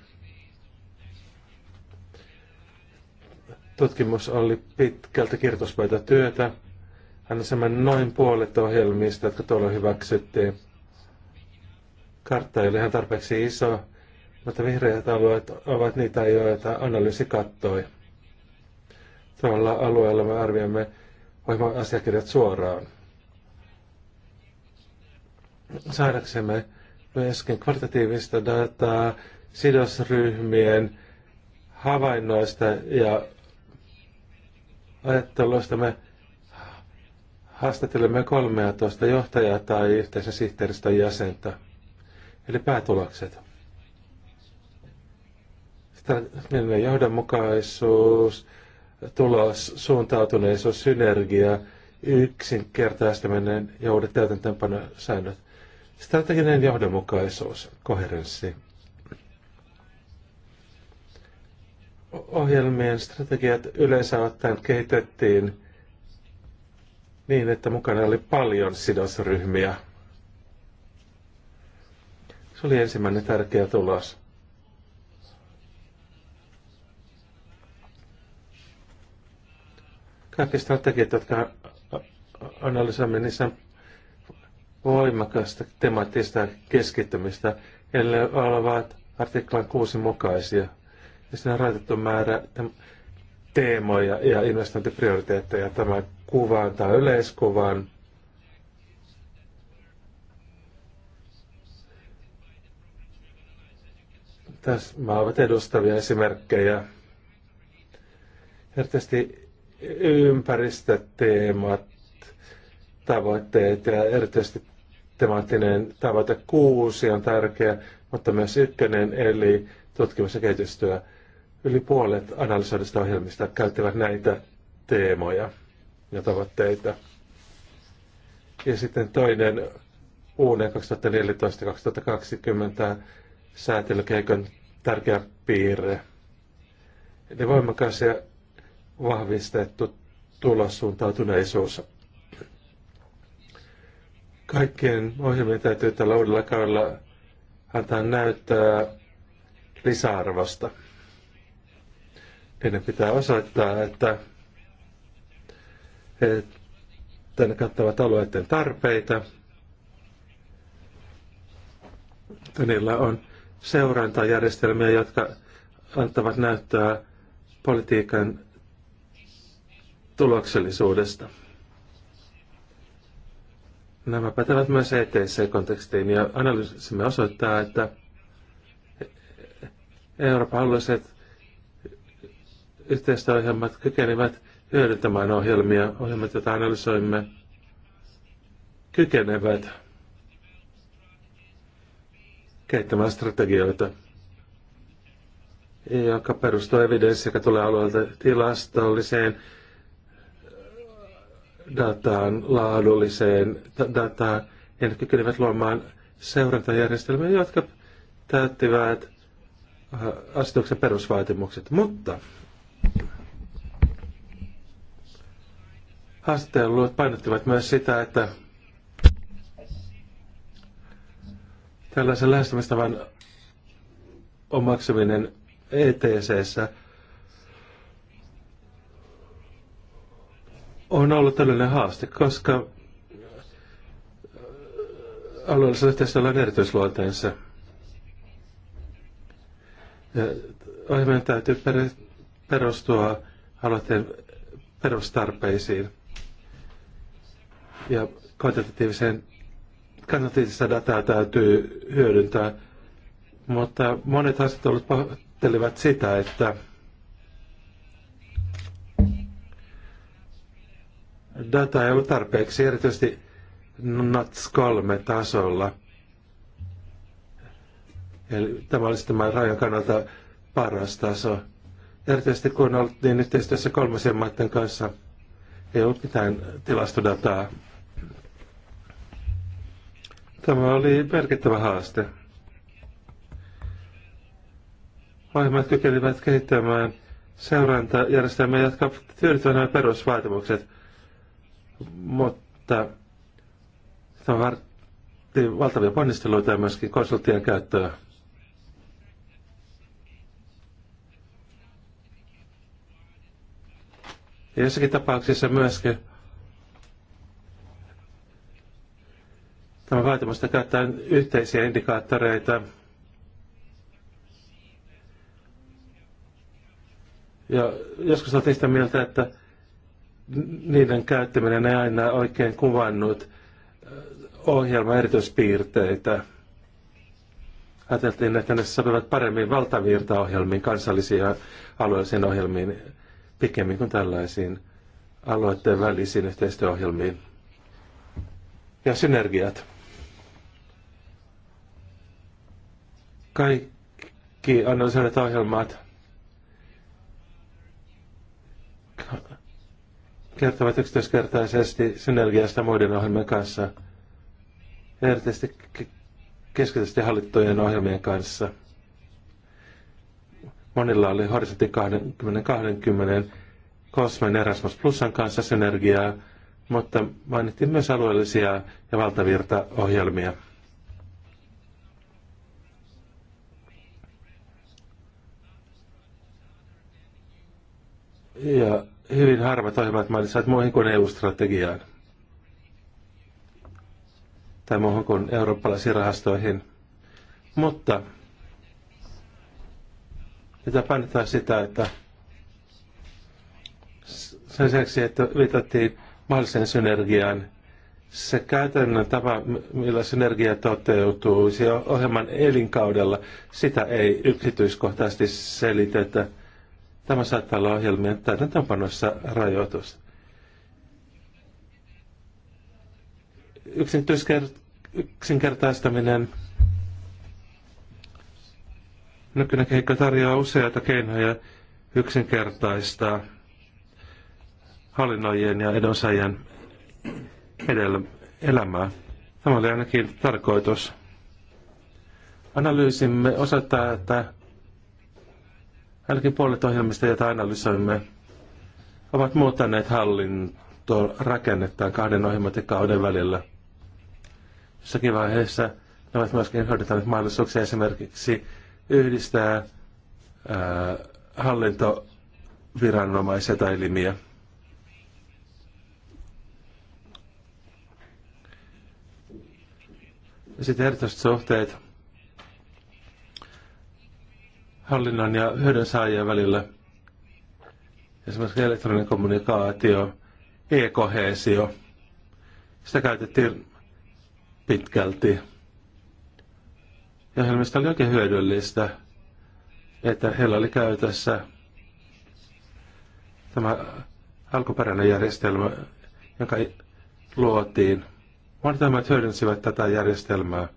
Speaker 3: Tutkimus oli pitkältä kirjoituspöytätyötä. Annamme noin puolet ohjelmista, jotka tuolla hyväksyttiin. Kartta ei ole ihan tarpeeksi iso, mutta vihreät alueet ovat niitä, joita analyysi kattoi. Tuolla alueella me arvioimme ohjelma-asiakirjat suoraan. Saadaksemme myöskin kvalitatiivista dataa sidosryhmien havainnoista ja ajattelusta me haastattelemme 13 johtajaa tai yhteisen sihteeristön jäsentä, eli päätulokset strateginen johdonmukaisuus, tulos, suuntautuneisuus, synergia, yksinkertaistaminen ja uudet täytäntöönpanosäännöt. Strateginen johdonmukaisuus, koherenssi. Ohjelmien strategiat yleensä ottaen kehitettiin niin, että mukana oli paljon sidosryhmiä. Se oli ensimmäinen tärkeä tulos Kaikki strategiat, jotka analysoimme, niissä on voimakasta temaattista keskittymistä, ellei olevat artiklan kuusi mukaisia. Ja siinä on rajoitettu määrä teemoja ja investointiprioriteetteja tämän kuvan tai yleiskuvan. Tässä ovat edustavia esimerkkejä. Erityisesti ympäristöteemat, tavoitteet ja erityisesti temaattinen tavoite kuusi on tärkeä, mutta myös ykkönen eli tutkimus- ja kehitystyö. Yli puolet analysoidusta ohjelmista käyttävät näitä teemoja ja tavoitteita. Ja sitten toinen UNE 2014-2020 säätelykeikon tärkeä piirre. Eli voimakas ja vahvistettu tulossuuntautuneisuus. Kaikkien ohjelmien täytyy tällä uudella kaudella antaa näyttää lisäarvosta. Niiden pitää osoittaa, että, että ne kattavat alueiden tarpeita, että niillä on seurantajärjestelmiä, jotka antavat näyttää politiikan tuloksellisuudesta. Nämä pätevät myös ETC-kontekstiin ja analyysimme osoittaa, että Euroopan alueelliset yhteistyöohjelmat kykenevät hyödyntämään ohjelmia, ohjelmat, joita analysoimme, kykenevät kehittämään strategioita, joka perustuu evidenssiin, joka tulee alueelta tilastolliseen, dataan, laadulliseen dataan, ja ne kykenivät luomaan seurantajärjestelmiä, jotka täyttivät äh, asetuksen perusvaatimukset. Mutta haastattelut painottivat myös sitä, että tällaisen lähestymistavan omaksuminen ETCssä on ollut tällainen haaste, koska alueellisella yhteistyöllä on erityisluonteensa. Ohjelmien täytyy perustua aloitteen perustarpeisiin ja kvantitatiiviseen kannatiivista dataa täytyy hyödyntää, mutta monet haastattelut pahoittelivat sitä, että dataa ei ollut tarpeeksi, erityisesti NATS 3 tasolla. Eli tämä olisi tämän rajan kannalta paras taso. Erityisesti kun oltiin yhteistyössä kolmasien maiden kanssa, ei ollut mitään tilastodataa. Tämä oli merkittävä haaste. Ohjelmat kykenivät kehittämään seurantajärjestelmää, jotka tyydyttävät nämä perusvaatimukset – mutta se on vaatii valtavia ponnisteluita ja myöskin konsulttien käyttöä. Ja jossakin tapauksessa myöskin tämä vaatimusta käyttää yhteisiä indikaattoreita. Ja joskus oltiin sitä mieltä, että niiden käyttäminen ei aina oikein kuvannut ohjelman erityispiirteitä. Ajateltiin, että ne sopivat paremmin valtavirtaohjelmiin, kansallisiin ja alueellisiin ohjelmiin, pikemmin kuin tällaisiin alueiden välisiin yhteistyöohjelmiin. Ja synergiat. Kaikki analysoivat ohjelmat kertovat yksityiskertaisesti synergiasta muiden ohjelmien kanssa, erityisesti keskeisesti hallittujen ohjelmien kanssa. Monilla oli Horisontti 2020 Cosmen Erasmus Plusan kanssa synergiaa, mutta mainittiin myös alueellisia ja valtavirtaohjelmia. Ja hyvin harvat ohjelmat mainitsevat muihin kuin EU-strategiaan tai muuhun kuin eurooppalaisiin rahastoihin. Mutta mitä painetaan sitä, että sen lisäksi, että viitattiin mahdolliseen synergiaan, se käytännön tapa, millä synergia toteutuu ohjelman elinkaudella, sitä ei yksityiskohtaisesti selitetä – Tämä saattaa olla ohjelmien täytäntöönpanossa rajoitus. Yksinkertaistaminen Nykyinen kehikko tarjoaa useita keinoja yksinkertaistaa hallinnoijien ja edonsaajien edellä elämää. Tämä oli ainakin tarkoitus. Analyysimme osoittaa, että ainakin puolet ohjelmista, joita analysoimme, ovat muuttaneet hallintorakennettaan kahden ohjelmatekauden välillä. Jossakin vaiheessa ne ovat myöskin hyödyntäneet mahdollisuuksia esimerkiksi yhdistää ää, hallintoviranomaisia tai elimiä. Ja sitten erityiset suhteet hallinnon ja hyödyn saajien välillä. Esimerkiksi elektroninen kommunikaatio, e-kohesio. Sitä käytettiin pitkälti. Ja heillä oli oikein hyödyllistä, että heillä oli käytössä tämä alkuperäinen järjestelmä, joka luotiin. Monet hyödynsivät tätä järjestelmää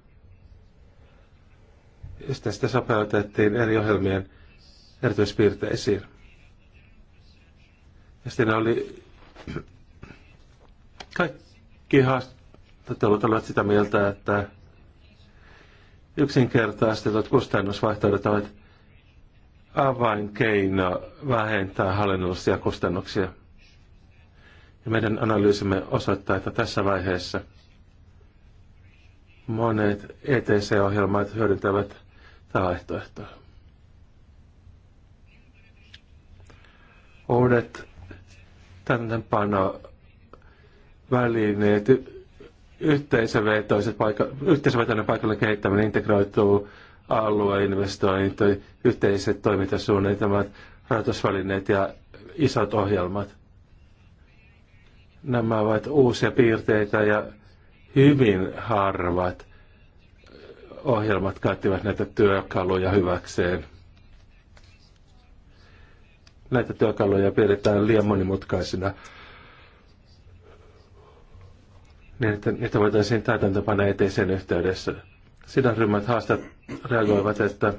Speaker 3: ja sitten sitä sopeutettiin eri ohjelmien erityispiirteisiin. Ja siinä oli kaikki haastattelut olivat sitä mieltä, että yksinkertaistetut kustannusvaihtoehdot ovat avainkeino vähentää hallinnollisia kustannuksia. Ja meidän analyysimme osoittaa, että tässä vaiheessa monet ETC-ohjelmat hyödyntävät tai vaihtoehtoa. Uudet tännepano välineet, yhteisövetoiset paikka, yhteisövetoinen paikallinen kehittäminen integroituu alueinvestointi, yhteiset toimintasuunnitelmat, rahoitusvälineet ja isot ohjelmat. Nämä ovat uusia piirteitä ja hyvin harvat ohjelmat käyttivät näitä työkaluja hyväkseen. Näitä työkaluja pidetään liian monimutkaisina. Niin, että niitä voitaisiin täytäntöpana eteisen yhteydessä. Sidosryhmät haastat reagoivat, että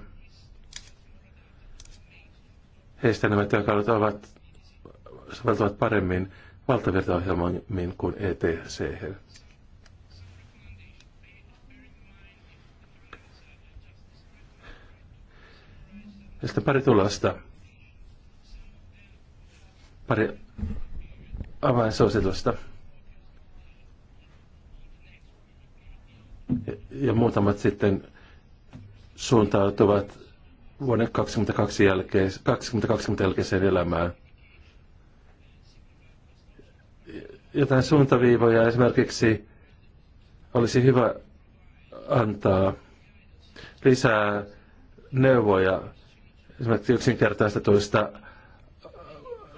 Speaker 3: heistä nämä työkalut ovat soveltuvat paremmin valtavirtaohjelmiin kuin ETC. Ja sitten pari tulosta. Pari avainsuositusta. Ja muutamat sitten suuntautuvat vuoden 22 jälkeen, 2020 jälkeiseen elämään. Jotain suuntaviivoja esimerkiksi olisi hyvä antaa lisää neuvoja esimerkiksi tuosta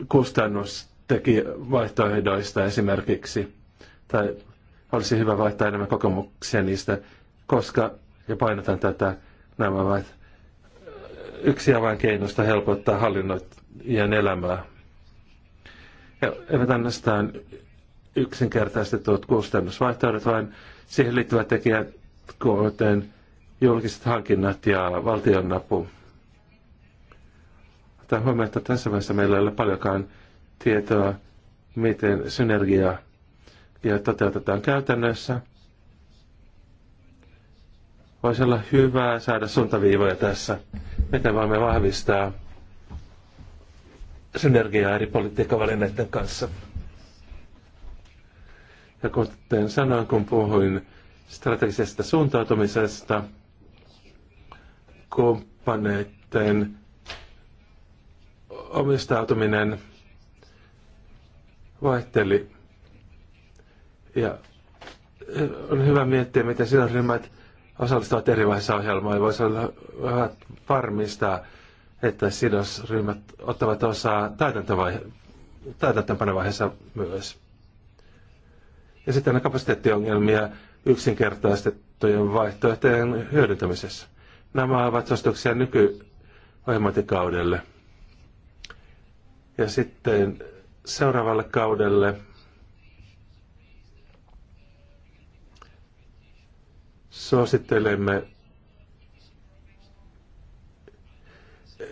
Speaker 3: kustannustekijävaihtoehdoista esimerkiksi, tai olisi hyvä vaihtaa enemmän kokemuksia niistä, koska, ja painotan tätä, nämä ovat yksi keinoista helpottaa hallinnoijan elämää. Ja eivät ainoastaan yksinkertaistetut kustannusvaihtoehdot, vaan siihen liittyvät tekijät, kuten julkiset hankinnat ja valtionapu ottaa huomioon, että tässä vaiheessa meillä ei ole paljonkaan tietoa, miten synergia ja toteutetaan käytännössä. Voisi olla hyvää saada suuntaviivoja tässä, miten voimme vahvistaa synergiaa eri politiikkavälineiden kanssa. Ja kuten sanoin, kun puhuin strategisesta suuntautumisesta, kumppaneiden omistautuminen vaihteli. Ja eh, on hyvä miettiä, miten sidosryhmät osallistuvat eri vaiheissa ohjelmaa. Voisi olla hyvä varmistaa, että sidosryhmät ottavat osaa vaiheessa myös. Ja sitten on kapasiteettiongelmia yksinkertaistettujen vaihtoehtojen hyödyntämisessä. Nämä ovat suosituksia nykyohjelmointikaudelle. Ja sitten seuraavalle kaudelle suosittelemme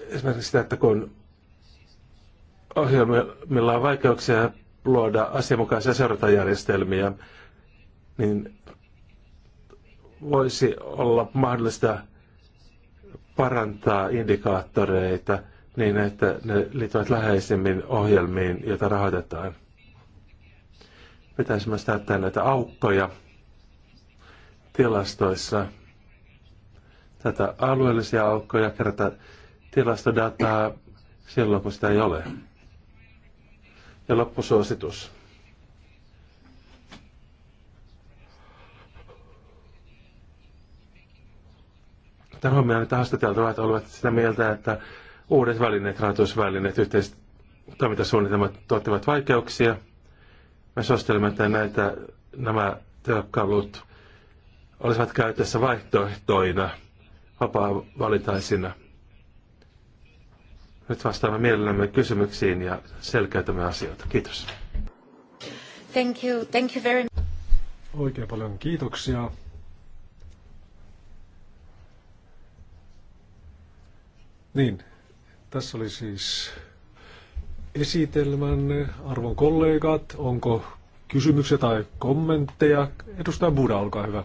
Speaker 3: esimerkiksi sitä, että kun ohjelmilla on vaikeuksia luoda asianmukaisia seurantajärjestelmiä, niin voisi olla mahdollista parantaa indikaattoreita niin, että ne liittyvät läheisemmin ohjelmiin, joita rahoitetaan. Pitäisi myös täyttää näitä aukkoja tilastoissa, tätä alueellisia aukkoja, kerätä tilastodataa silloin, kun sitä ei ole. Ja loppusuositus. Tämä huomioon, että haastateltavat olivat sitä mieltä, että Uudet välineet, rahoitusvälineet, yhteiset toimintasuunnitelmat tuottivat vaikeuksia. Me suosittelemme, että näitä, nämä työkalut olisivat käytössä vaihtoehtoina, vapaa-valintaisina. Nyt vastaamme mielellämme kysymyksiin ja selkeytämme asioita. Kiitos.
Speaker 2: Thank you. Thank you very much. Oikein paljon kiitoksia. Niin, tässä oli siis esitelmän arvon kollegat. Onko kysymyksiä tai kommentteja? Edustaja Buda, olkaa hyvä.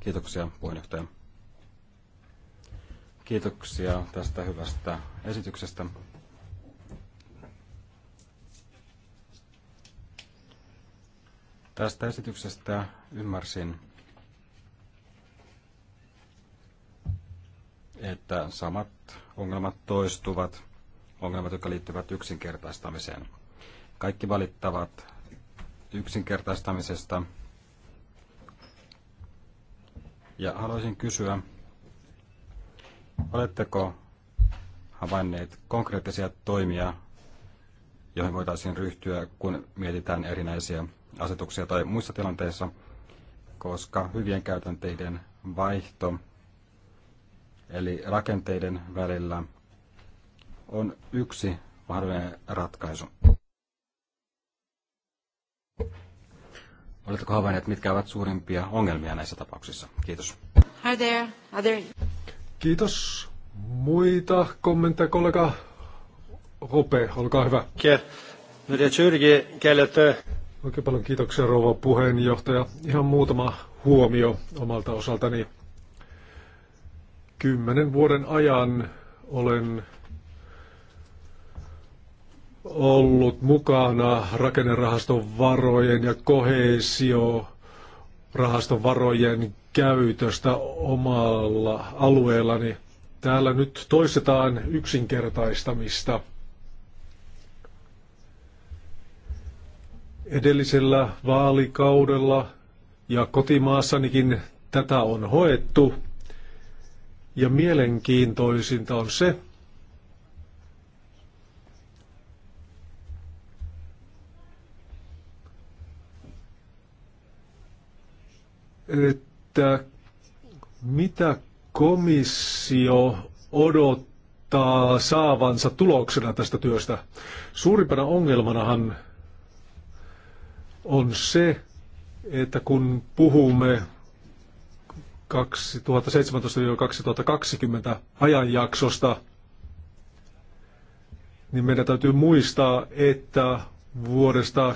Speaker 1: Kiitoksia, puheenjohtaja. Kiitoksia tästä hyvästä esityksestä. Tästä esityksestä ymmärsin, että samat ongelmat toistuvat, ongelmat, jotka liittyvät yksinkertaistamiseen. Kaikki valittavat yksinkertaistamisesta. Ja haluaisin kysyä, oletteko havainneet konkreettisia toimia, joihin voitaisiin ryhtyä, kun mietitään erinäisiä asetuksia tai muissa tilanteissa, koska hyvien käytänteiden vaihto eli rakenteiden välillä, on yksi mahdollinen ratkaisu. Oletteko havainneet, mitkä ovat suurimpia ongelmia näissä tapauksissa? Kiitos.
Speaker 2: Hi there. are there...
Speaker 1: Kiitos.
Speaker 2: Muita kommentteja, kollega Rope, olkaa hyvä. Oikein paljon kiitoksia rouva puheenjohtaja. Ihan muutama huomio omalta osaltani. Kymmenen vuoden ajan olen ollut mukana rakennerahaston varojen ja kohesio rahaston varojen käytöstä omalla alueellani. Täällä nyt toistetaan yksinkertaistamista. Edellisellä vaalikaudella ja kotimaassanikin tätä on hoettu. Ja mielenkiintoisinta on se, että mitä komissio odottaa saavansa tuloksena tästä työstä. Suurimpana ongelmanahan on se, että kun puhumme 2017-2020 ajanjaksosta, niin meidän täytyy muistaa, että vuodesta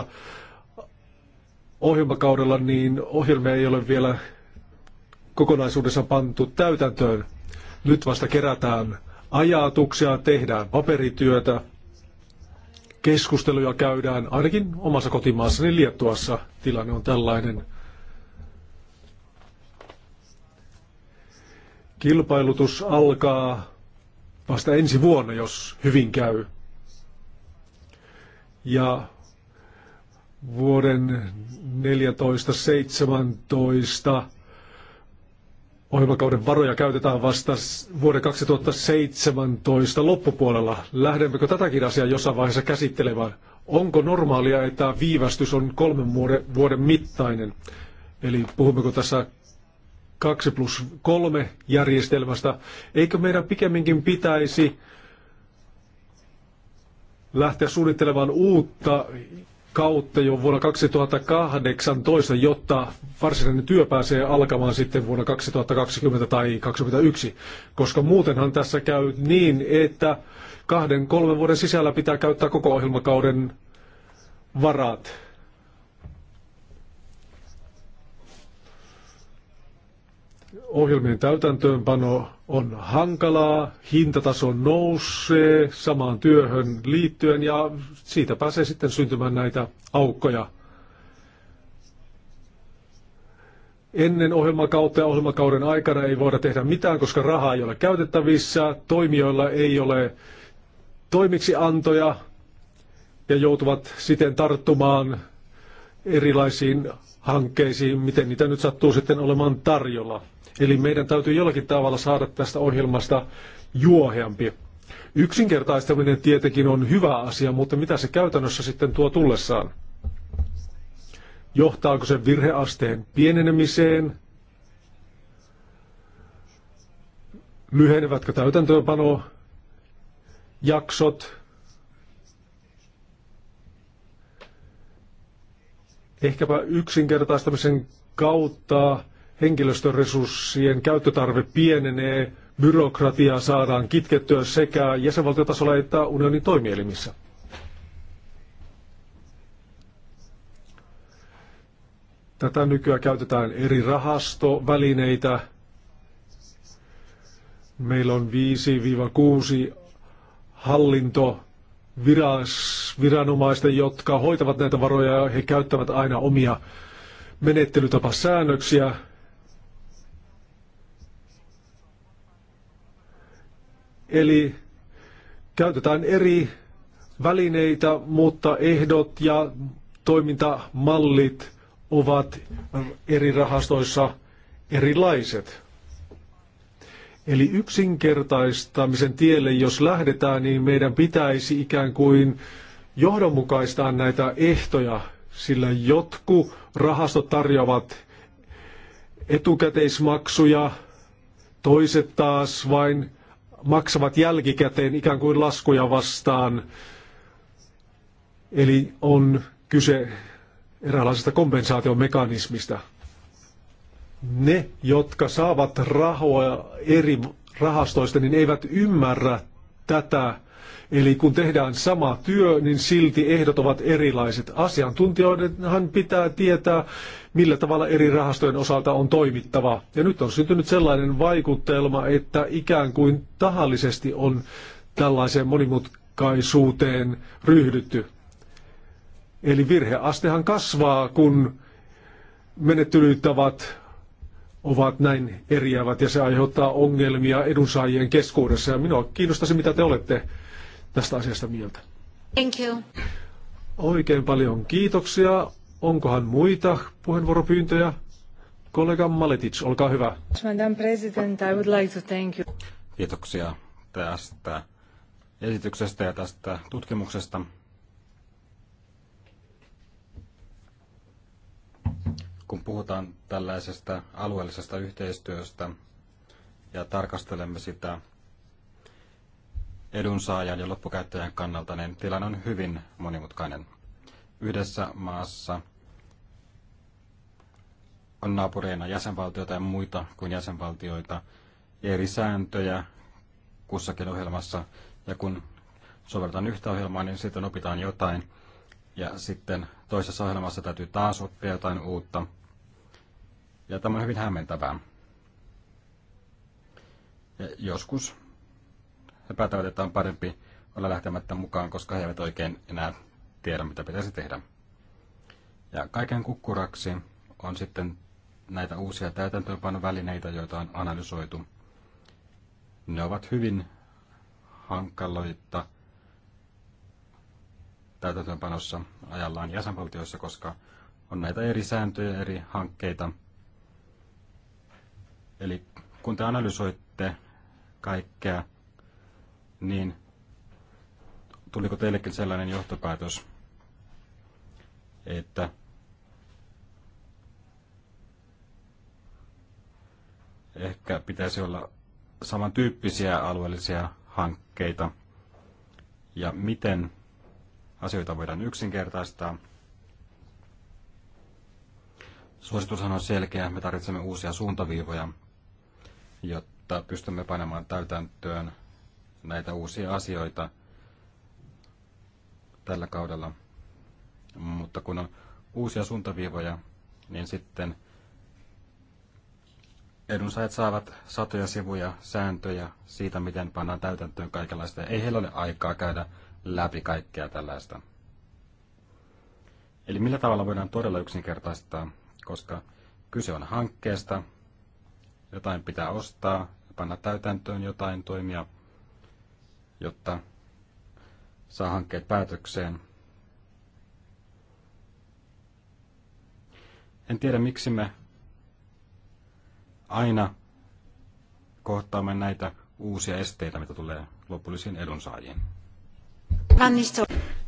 Speaker 2: 2014-2017 ohjelmakaudella, niin ohjelmia ei ole vielä kokonaisuudessaan pantu täytäntöön. Nyt vasta kerätään ajatuksia, tehdään paperityötä, keskusteluja käydään, ainakin omassa kotimaassani Liettuassa tilanne on tällainen. Kilpailutus alkaa vasta ensi vuonna, jos hyvin käy. Ja vuoden 14-17 ohjelmakauden varoja käytetään vasta vuoden 2017 loppupuolella. Lähdemmekö tätäkin asiaa jossain vaiheessa käsittelemään? Onko normaalia, että viivästys on kolmen vuoden mittainen? Eli puhummeko tässä 2 plus 3 järjestelmästä. Eikö meidän pikemminkin pitäisi lähteä suunnittelemaan uutta kautta jo vuonna 2018, jotta varsinainen työ pääsee alkamaan sitten vuonna 2020 tai 2021, koska muutenhan tässä käy niin, että kahden, kolmen vuoden sisällä pitää käyttää koko ohjelmakauden varat. ohjelmien täytäntöönpano on hankalaa, hintataso nousee samaan työhön liittyen ja siitä pääsee sitten syntymään näitä aukkoja. Ennen ohjelmakautta ja ohjelmakauden aikana ei voida tehdä mitään, koska rahaa ei ole käytettävissä, toimijoilla ei ole toimiksiantoja ja joutuvat siten tarttumaan erilaisiin hankkeisiin, miten niitä nyt sattuu sitten olemaan tarjolla. Eli meidän täytyy jollakin tavalla saada tästä ohjelmasta juoheampi. Yksinkertaistaminen tietenkin on hyvä asia, mutta mitä se käytännössä sitten tuo tullessaan? Johtaako se virheasteen pienenemiseen? Lyhenevätkö täytäntöönpano jaksot? Ehkäpä yksinkertaistamisen kautta henkilöstöresurssien käyttötarve pienenee, byrokratiaa saadaan kitkettyä sekä jäsenvaltiotasolla että unionin toimielimissä. Tätä nykyään käytetään eri rahastovälineitä. Meillä on 5-6 hallinto viras, jotka hoitavat näitä varoja ja he käyttävät aina omia menettelytapasäännöksiä. Eli käytetään eri välineitä, mutta ehdot ja toimintamallit ovat eri rahastoissa erilaiset. Eli yksinkertaistamisen tielle, jos lähdetään, niin meidän pitäisi ikään kuin johdonmukaistaa näitä ehtoja, sillä jotkut rahastot tarjoavat etukäteismaksuja, toiset taas vain maksavat jälkikäteen ikään kuin laskuja vastaan. Eli on kyse eräänlaisesta kompensaatiomekanismista ne, jotka saavat rahoja eri rahastoista, niin eivät ymmärrä tätä. Eli kun tehdään sama työ, niin silti ehdot ovat erilaiset. Asiantuntijoidenhan pitää tietää, millä tavalla eri rahastojen osalta on toimittava. Ja nyt on syntynyt sellainen vaikutelma, että ikään kuin tahallisesti on tällaiseen monimutkaisuuteen ryhdytty. Eli virheastehan kasvaa, kun menettelytavat ovat näin eriävät ja se aiheuttaa ongelmia edunsaajien keskuudessa. Ja minua kiinnostaisi, mitä te olette tästä asiasta mieltä. Thank you. Oikein paljon kiitoksia. Onkohan muita
Speaker 1: puheenvuoropyyntöjä? Kollega Maletic, olkaa hyvä.
Speaker 3: Madam President, I would like to thank you.
Speaker 1: Kiitoksia tästä esityksestä ja tästä tutkimuksesta. kun puhutaan tällaisesta alueellisesta yhteistyöstä ja tarkastelemme sitä edunsaajan ja loppukäyttäjän kannalta, niin tilanne on hyvin monimutkainen. Yhdessä maassa on naapureina jäsenvaltioita ja muita kuin jäsenvaltioita, eri sääntöjä kussakin ohjelmassa, ja kun sovelletaan yhtä ohjelmaa, niin sitten opitaan jotain, ja sitten toisessa ohjelmassa täytyy taas oppia jotain uutta – ja tämä on hyvin hämmentävää. Ja joskus he päättävät, että on parempi olla lähtemättä mukaan, koska he eivät oikein enää tiedä, mitä pitäisi tehdä. Ja kaiken kukkuraksi on sitten näitä uusia täytäntöönpanovälineitä, joita on analysoitu. Ne ovat hyvin hankaloita täytäntöönpanossa ajallaan jäsenvaltioissa, koska on näitä eri sääntöjä, eri hankkeita, Eli kun te analysoitte kaikkea, niin tuliko teillekin sellainen johtopäätös, että ehkä pitäisi olla samantyyppisiä alueellisia hankkeita ja miten asioita voidaan yksinkertaistaa. Suositushan on selkeä, me tarvitsemme uusia suuntaviivoja jotta pystymme panemaan täytäntöön näitä uusia asioita tällä kaudella. Mutta kun on uusia suuntaviivoja, niin sitten edunsaajat saavat satoja sivuja sääntöjä siitä, miten pannaan täytäntöön kaikenlaista. Ei heillä ole aikaa käydä läpi kaikkea tällaista. Eli millä tavalla voidaan todella yksinkertaistaa, koska kyse on hankkeesta, jotain pitää ostaa, panna täytäntöön jotain toimia, jotta saa hankkeet päätökseen. En tiedä, miksi me aina kohtaamme näitä uusia esteitä, mitä tulee lopullisiin edunsaajiin.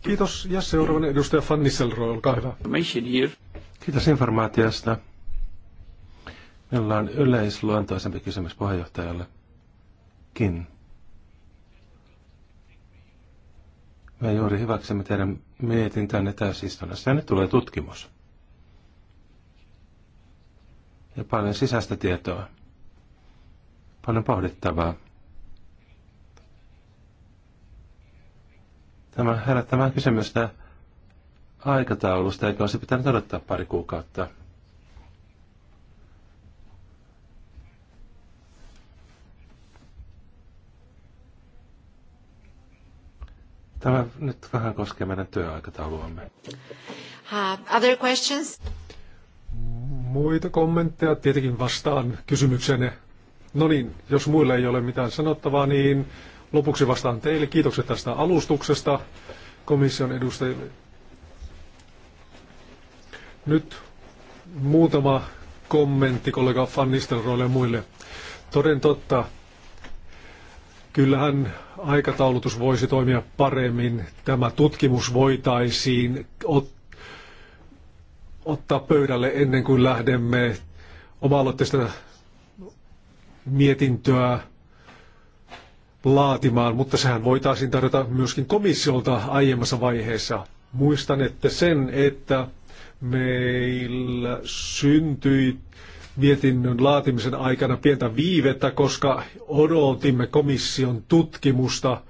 Speaker 2: Kiitos. Ja seuraavana edustaja Fannisselro, olkaa hyvä. Kiitos
Speaker 3: informaatiosta. Meillä on yleisluontoisempi kysymys puheenjohtajallekin. Me juuri hyväksymme teidän mietintänne täysistunnassa. ja nyt tulee tutkimus. Ja paljon sisäistä tietoa. Paljon pohdittavaa. Tämä herättää kysymystä aikataulusta, eikö olisi pitänyt odottaa pari kuukautta. Tämä
Speaker 2: nyt vähän koskee meidän työaikatauluamme.
Speaker 3: Uh, other questions?
Speaker 2: Muita kommentteja? Tietenkin vastaan kysymyksenne. No niin, jos muille ei ole mitään sanottavaa, niin lopuksi vastaan teille. Kiitokset tästä alustuksesta komission edustajille. Nyt muutama kommentti kollega Van Nistelrooille ja muille. Toden totta, kyllähän aikataulutus voisi toimia paremmin. Tämä tutkimus voitaisiin ot- ottaa pöydälle ennen kuin lähdemme oma-aloitteista mietintöä laatimaan, mutta sehän voitaisiin tarjota myöskin komissiolta aiemmassa vaiheessa. Muistan, että sen, että meillä syntyi mietinnön laatimisen aikana pientä viivettä, koska odotimme komission tutkimusta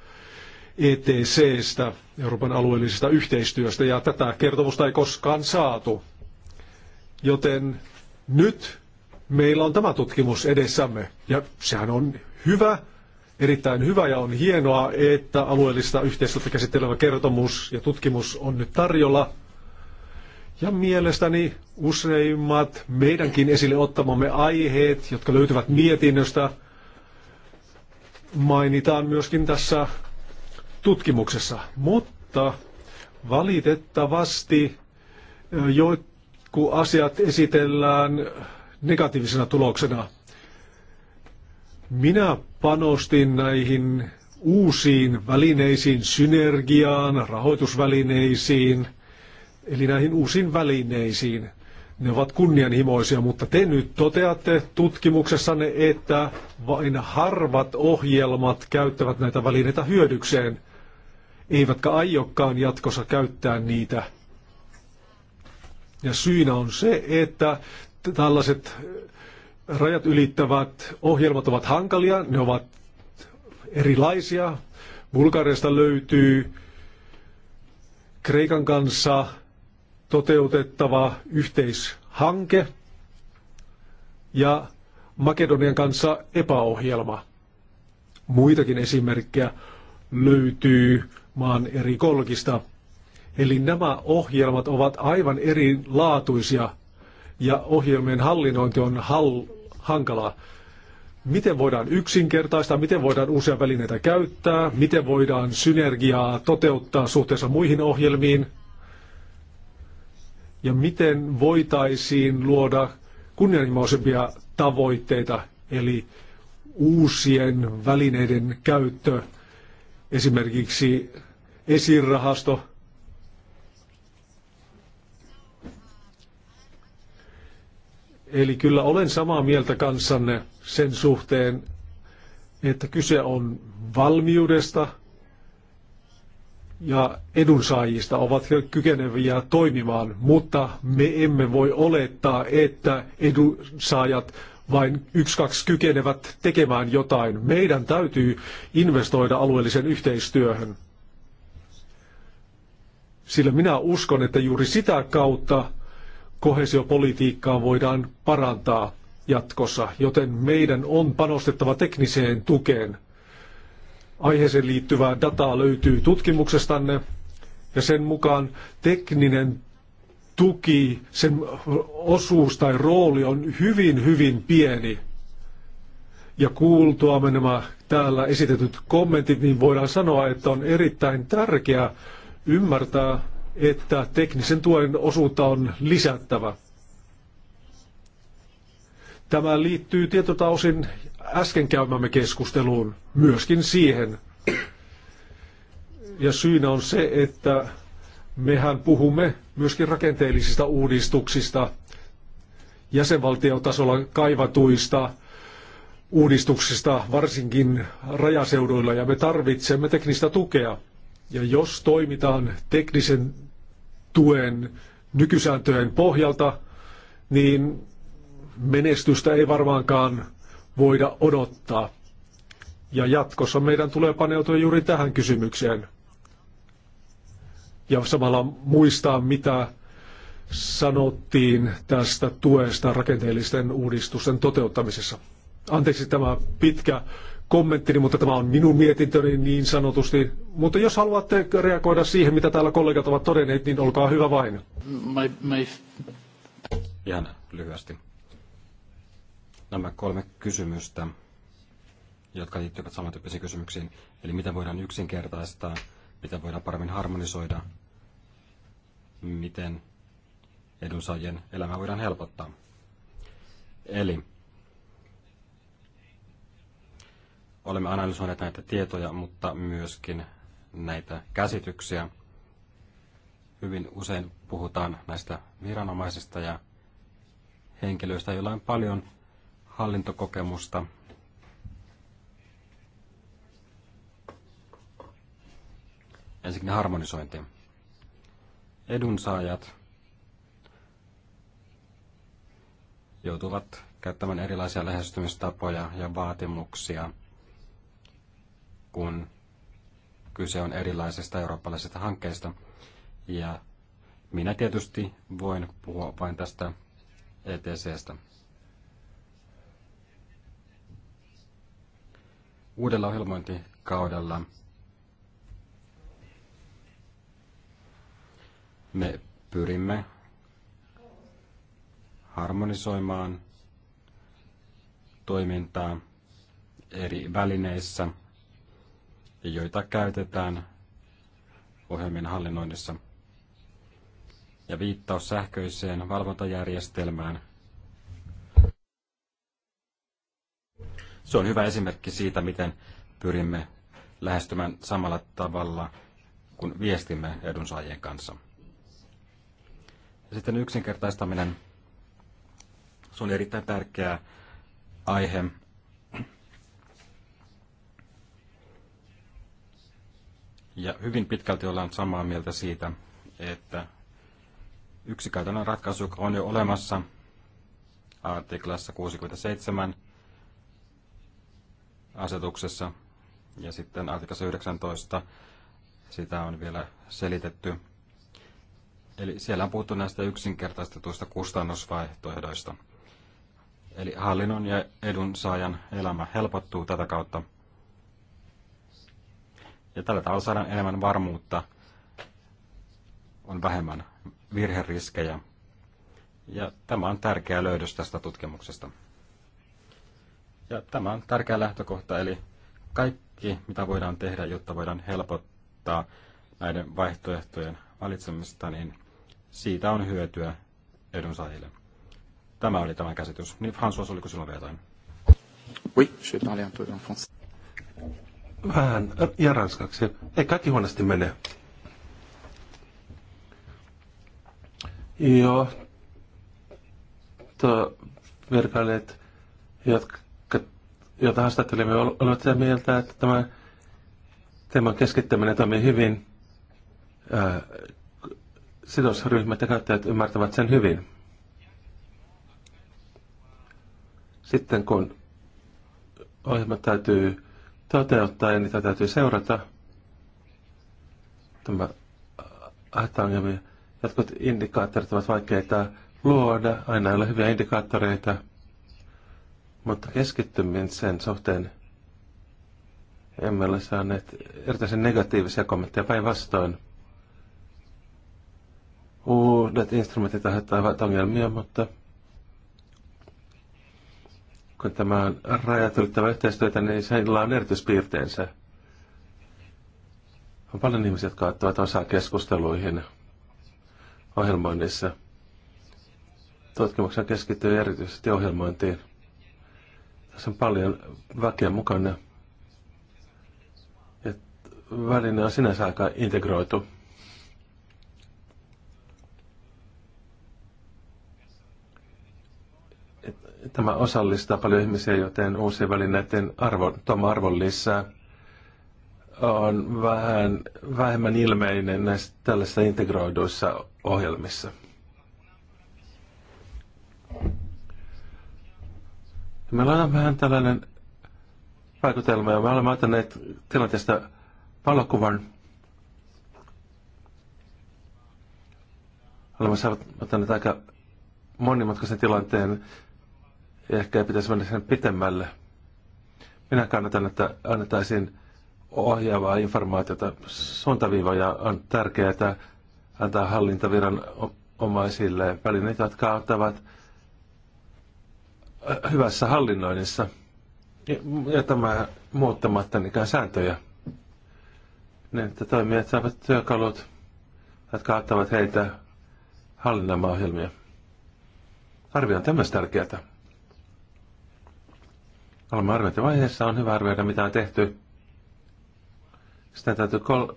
Speaker 2: ETCstä, Euroopan alueellisesta yhteistyöstä, ja tätä kertomusta ei koskaan saatu. Joten nyt meillä on tämä tutkimus edessämme, ja sehän on hyvä, erittäin hyvä ja on hienoa, että alueellista yhteistyötä käsittelevä kertomus ja tutkimus on nyt tarjolla – ja mielestäni useimmat meidänkin esille ottamamme aiheet, jotka löytyvät mietinnöstä, mainitaan myöskin tässä tutkimuksessa. Mutta valitettavasti joku asiat esitellään negatiivisena tuloksena. Minä panostin näihin uusiin välineisiin, synergiaan, rahoitusvälineisiin – eli näihin uusiin välineisiin. Ne ovat kunnianhimoisia, mutta te nyt toteatte tutkimuksessanne, että vain harvat ohjelmat käyttävät näitä välineitä hyödykseen, eivätkä aiokkaan jatkossa käyttää niitä. Ja syynä on se, että tällaiset äh, rajat ylittävät ohjelmat ovat hankalia, ne ovat erilaisia. Bulgariasta löytyy Kreikan kanssa toteutettava yhteishanke ja Makedonian kanssa epäohjelma. Muitakin esimerkkejä löytyy maan eri kolkista. Eli nämä ohjelmat ovat aivan erilaatuisia ja ohjelmien hallinnointi on hal- hankalaa. Miten voidaan yksinkertaistaa, miten voidaan uusia välineitä käyttää, miten voidaan synergiaa toteuttaa suhteessa muihin ohjelmiin – ja miten voitaisiin luoda kunnianhimoisempia tavoitteita, eli uusien välineiden käyttö, esimerkiksi esirahasto, Eli kyllä olen samaa mieltä kanssanne sen suhteen, että kyse on valmiudesta – ja edunsaajista ovat kykeneviä toimimaan, mutta me emme voi olettaa, että edunsaajat vain yksi kaksi kykenevät tekemään jotain. Meidän täytyy investoida alueellisen yhteistyöhön. Sillä minä uskon, että juuri sitä kautta kohesiopolitiikkaa voidaan parantaa jatkossa, joten meidän on panostettava tekniseen tukeen aiheeseen liittyvää dataa löytyy tutkimuksestanne ja sen mukaan tekninen tuki, sen osuus tai rooli on hyvin, hyvin pieni. Ja kuultuamme nämä täällä esitetyt kommentit, niin voidaan sanoa, että on erittäin tärkeää ymmärtää, että teknisen tuen osuutta on lisättävä. Tämä liittyy tietyltä osin äsken käymämme keskusteluun myöskin siihen. Ja syynä on se, että mehän puhumme myöskin rakenteellisista uudistuksista, jäsenvaltiotasolla kaivatuista uudistuksista, varsinkin rajaseuduilla, ja me tarvitsemme teknistä tukea. Ja jos toimitaan teknisen tuen nykysääntöjen pohjalta, niin menestystä ei varmaankaan voida odottaa. Ja jatkossa meidän tulee paneutua juuri tähän kysymykseen. Ja samalla muistaa, mitä sanottiin tästä tuesta rakenteellisten uudistusten toteuttamisessa. Anteeksi tämä pitkä kommenttini, mutta tämä on minun mietintöni niin sanotusti. Mutta jos haluatte reagoida siihen, mitä täällä kollegat ovat todenneet, niin olkaa hyvä vain.
Speaker 1: My, my... Ihan lyhyesti nämä kolme kysymystä, jotka liittyvät samantyyppisiin kysymyksiin. Eli miten voidaan yksinkertaistaa, miten voidaan paremmin harmonisoida, miten edunsaajien elämää voidaan helpottaa. Eli olemme analysoineet näitä tietoja, mutta myöskin näitä käsityksiä. Hyvin usein puhutaan näistä viranomaisista ja henkilöistä, joilla on paljon hallintokokemusta. Ensinnäkin harmonisointi. Edunsaajat joutuvat käyttämään erilaisia lähestymistapoja ja vaatimuksia, kun kyse on erilaisista eurooppalaisista hankkeista. Ja minä tietysti voin puhua vain tästä ETCstä. uudella ohjelmointikaudella me pyrimme harmonisoimaan toimintaa eri välineissä, joita käytetään ohjelmien hallinnoinnissa. Ja viittaus sähköiseen valvontajärjestelmään Se on hyvä esimerkki siitä, miten pyrimme lähestymään samalla tavalla kuin viestimme edunsaajien kanssa. Ja sitten yksinkertaistaminen. Se on erittäin tärkeä aihe. Ja hyvin pitkälti ollaan samaa mieltä siitä, että yksi käytännön ratkaisu, joka on jo olemassa artiklassa 67, asetuksessa. Ja sitten artikassa 19 sitä on vielä selitetty. Eli siellä on puhuttu näistä yksinkertaistetuista kustannusvaihtoehdoista. Eli hallinnon ja edunsaajan elämä helpottuu tätä kautta. Ja tällä tavalla saadaan enemmän varmuutta, on vähemmän virheriskejä. Ja tämä on tärkeä löydös tästä tutkimuksesta. Ja tämä on tärkeä lähtökohta, eli kaikki, mitä voidaan tehdä, jotta voidaan helpottaa näiden vaihtoehtojen valitsemista, niin siitä on hyötyä edunsaajille. Tämä oli tämä käsitys. Niin François, oliko sinulla vielä jotain? Oui, je parle un peu en
Speaker 3: français. Vähän äh, ja ranskaksi. Ei kaikki huonosti mene. Joo. To, virkailijat, jotka jota haastattelimme, olivat sitä mieltä, että tämä teeman keskittäminen toimii hyvin. Ää, sidosryhmät ja käyttäjät ymmärtävät sen hyvin. Sitten kun ohjelmat täytyy toteuttaa ja niitä täytyy seurata, tämä aiheuttaa Jotkut indikaattorit ovat vaikeita luoda, aina ei ole hyviä indikaattoreita – mutta keskittyminen sen suhteen emme ole saaneet erityisen negatiivisia kommentteja päinvastoin. Uudet instrumentit aiheuttavat ongelmia, mutta kun tämä on rajat ylittävä yhteistyötä, niin sillä on erityispiirteensä. On paljon ihmisiä, jotka ottavat osaa keskusteluihin ohjelmoinnissa. Tutkimuksen keskittyy erityisesti ohjelmointiin se on paljon väkeä mukana. Et väline on sinänsä aika integroitu. Et tämä osallistaa paljon ihmisiä, joten uusien välineiden arvo, tuoma arvon lisää on vähän vähemmän ilmeinen näissä tällaisissa integroiduissa ohjelmissa. Me meillä on vähän tällainen vaikutelma, ja me olemme ottaneet tilanteesta valokuvan. Olemme saaneet ottaneet aika monimutkaisen tilanteen, ja ehkä ei pitäisi mennä sen pitemmälle. Minä kannatan, että annettaisiin ohjaavaa informaatiota. Suuntaviivoja on tärkeää antaa hallintaviran omaisille välineitä, jotka auttavat hyvässä hallinnoinnissa. Ja, ja tämä muuttamatta niinkään sääntöjä. Niin, että toimijat saavat työkalut, jotka auttavat heitä hallinnoimaan ohjelmia. Arvio on tämmöistä tärkeää. Olemme arviointivaiheessa, on hyvä arvioida mitä on tehty. Sitten täytyy kol-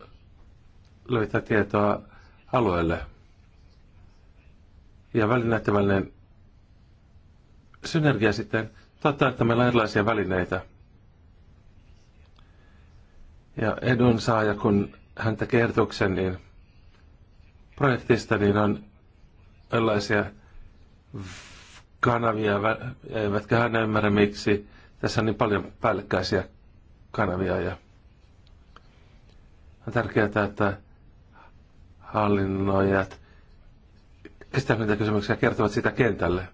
Speaker 3: löytää tietoa alueelle. Ja välineiden välinen synergia sitten totta, että meillä on erilaisia välineitä. Ja Edun saaja, kun hän tekee ehdotuksen niin projektista, niin on erilaisia kanavia, eivätkä hän ymmärrä miksi. Tässä on niin paljon päällekkäisiä kanavia ja on tärkeää, että hallinnoijat niitä kysymyksiä kertovat sitä kentälle.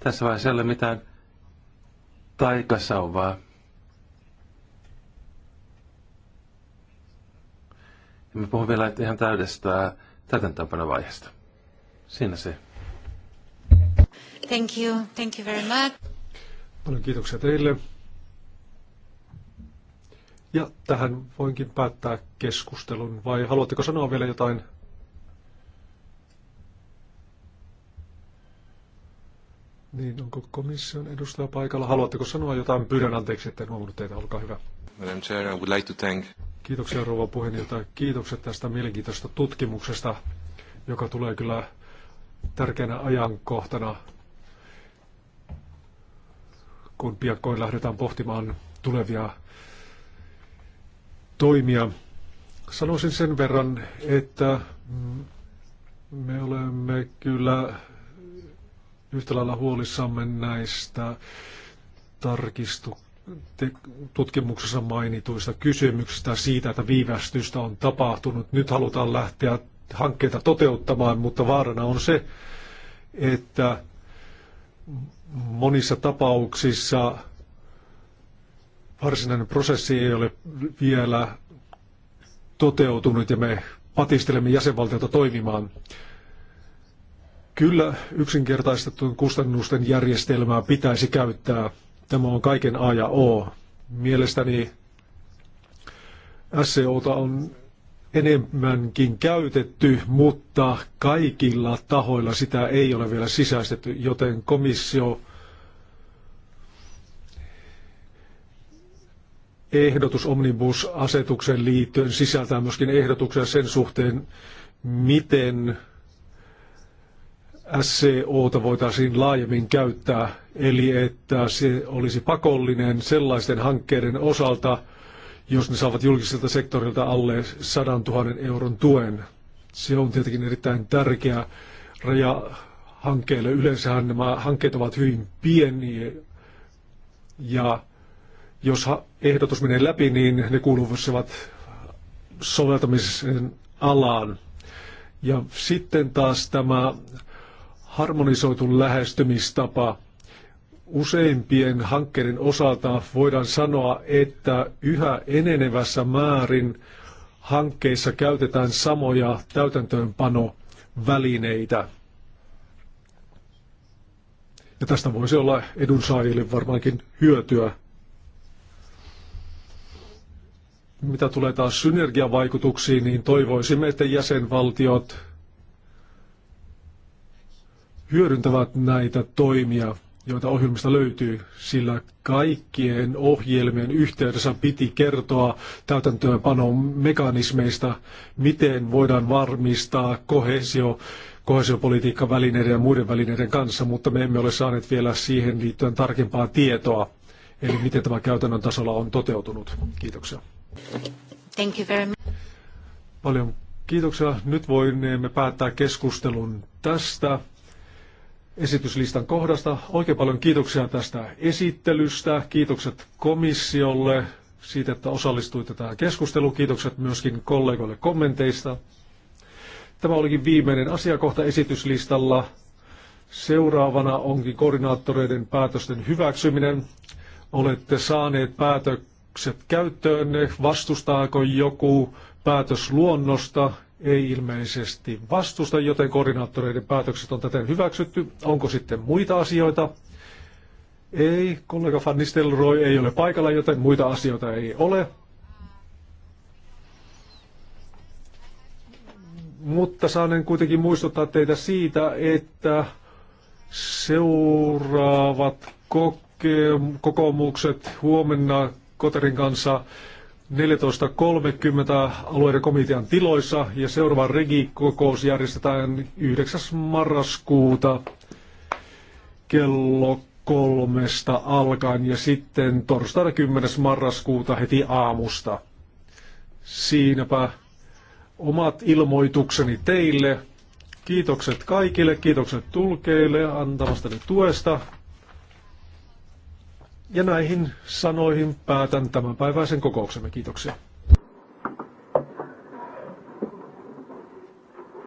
Speaker 3: Tässä vaiheessa ei ole mitään taikasauvaa. Ja mä puhun vielä ihan täydestä vaiheesta. Siinä se. Thank you. Thank you very much.
Speaker 2: Paljon kiitoksia teille. Ja tähän voinkin päättää keskustelun. Vai haluatteko sanoa vielä jotain Niin, onko komission edustaja paikalla? Haluatteko sanoa jotain? Pyydän anteeksi, että en huomannut teitä. Olkaa hyvä.
Speaker 3: Madam Chair, I would like to thank...
Speaker 2: Kiitoksia rouva puheenjohtaja. Kiitokset tästä mielenkiintoista tutkimuksesta, joka tulee kyllä tärkeänä ajankohtana, kun piakkoin lähdetään pohtimaan tulevia toimia. Sanoisin sen verran, että me olemme kyllä yhtä lailla huolissamme näistä tarkistu, te, tutkimuksessa mainituista kysymyksistä siitä, että viivästystä on tapahtunut. Nyt halutaan lähteä hankkeita toteuttamaan, mutta vaarana on se, että monissa tapauksissa varsinainen prosessi ei ole vielä toteutunut ja me patistelemme jäsenvaltiota toimimaan. Kyllä yksinkertaistettuun kustannusten järjestelmää pitäisi käyttää. Tämä on kaiken A ja O. Mielestäni SCOta on enemmänkin käytetty, mutta kaikilla tahoilla sitä ei ole vielä sisäistetty, joten komissio ehdotus omnibus-asetukseen liittyen sisältää myöskin ehdotuksia sen suhteen, miten SCOta voitaisiin laajemmin käyttää, eli että se olisi pakollinen sellaisten hankkeiden osalta, jos ne saavat julkiselta sektorilta alle 100 000 euron tuen. Se on tietenkin erittäin tärkeä raja hankkeille Yleensähän nämä hankkeet ovat hyvin pieniä ja jos ehdotus menee läpi, niin ne kuuluvat soveltamisen alaan. Ja sitten taas tämä harmonisoitu lähestymistapa. Useimpien hankkeiden osalta voidaan sanoa, että yhä enenevässä määrin hankkeissa käytetään samoja täytäntöönpanovälineitä. Ja tästä voisi olla edunsaajille varmaankin hyötyä. Mitä tulee taas synergiavaikutuksiin, niin toivoisimme, että jäsenvaltiot hyödyntävät näitä toimia, joita ohjelmista löytyy, sillä kaikkien ohjelmien yhteydessä piti kertoa täytäntöönpanon mekanismeista, miten voidaan varmistaa kohesio, kohesiopolitiikka välineiden ja muiden välineiden kanssa, mutta me emme ole saaneet vielä siihen liittyen tarkempaa tietoa, eli miten tämä käytännön tasolla on toteutunut. Kiitoksia.
Speaker 3: Thank you very much.
Speaker 2: Paljon kiitoksia. Nyt voimme päättää keskustelun tästä esityslistan kohdasta. Oikein paljon kiitoksia tästä esittelystä. Kiitokset komissiolle siitä, että osallistuitte tähän keskusteluun. Kiitokset myöskin kollegoille kommenteista. Tämä olikin viimeinen asiakohta esityslistalla. Seuraavana onkin koordinaattoreiden päätösten hyväksyminen. Olette saaneet päätökset käyttöönne. Vastustaako joku päätösluonnosta? ei ilmeisesti vastusta, joten koordinaattoreiden päätökset on täten hyväksytty. Onko sitten muita asioita? Ei, kollega Van Nistelrooy ei ole paikalla, joten muita asioita ei ole. Mutta saanen kuitenkin muistuttaa teitä siitä, että seuraavat koke- kokoomukset huomenna Koterin kanssa 14.30 alueiden komitean tiloissa ja seuraava regikokous järjestetään 9. marraskuuta kello kolmesta alkaen ja sitten torstaina 10. marraskuuta heti aamusta. Siinäpä omat ilmoitukseni teille. Kiitokset kaikille, kiitokset tulkeille antamastani tuesta. Ja näihin sanoihin päätän tämän päiväisen kokouksemme. Kiitoksia.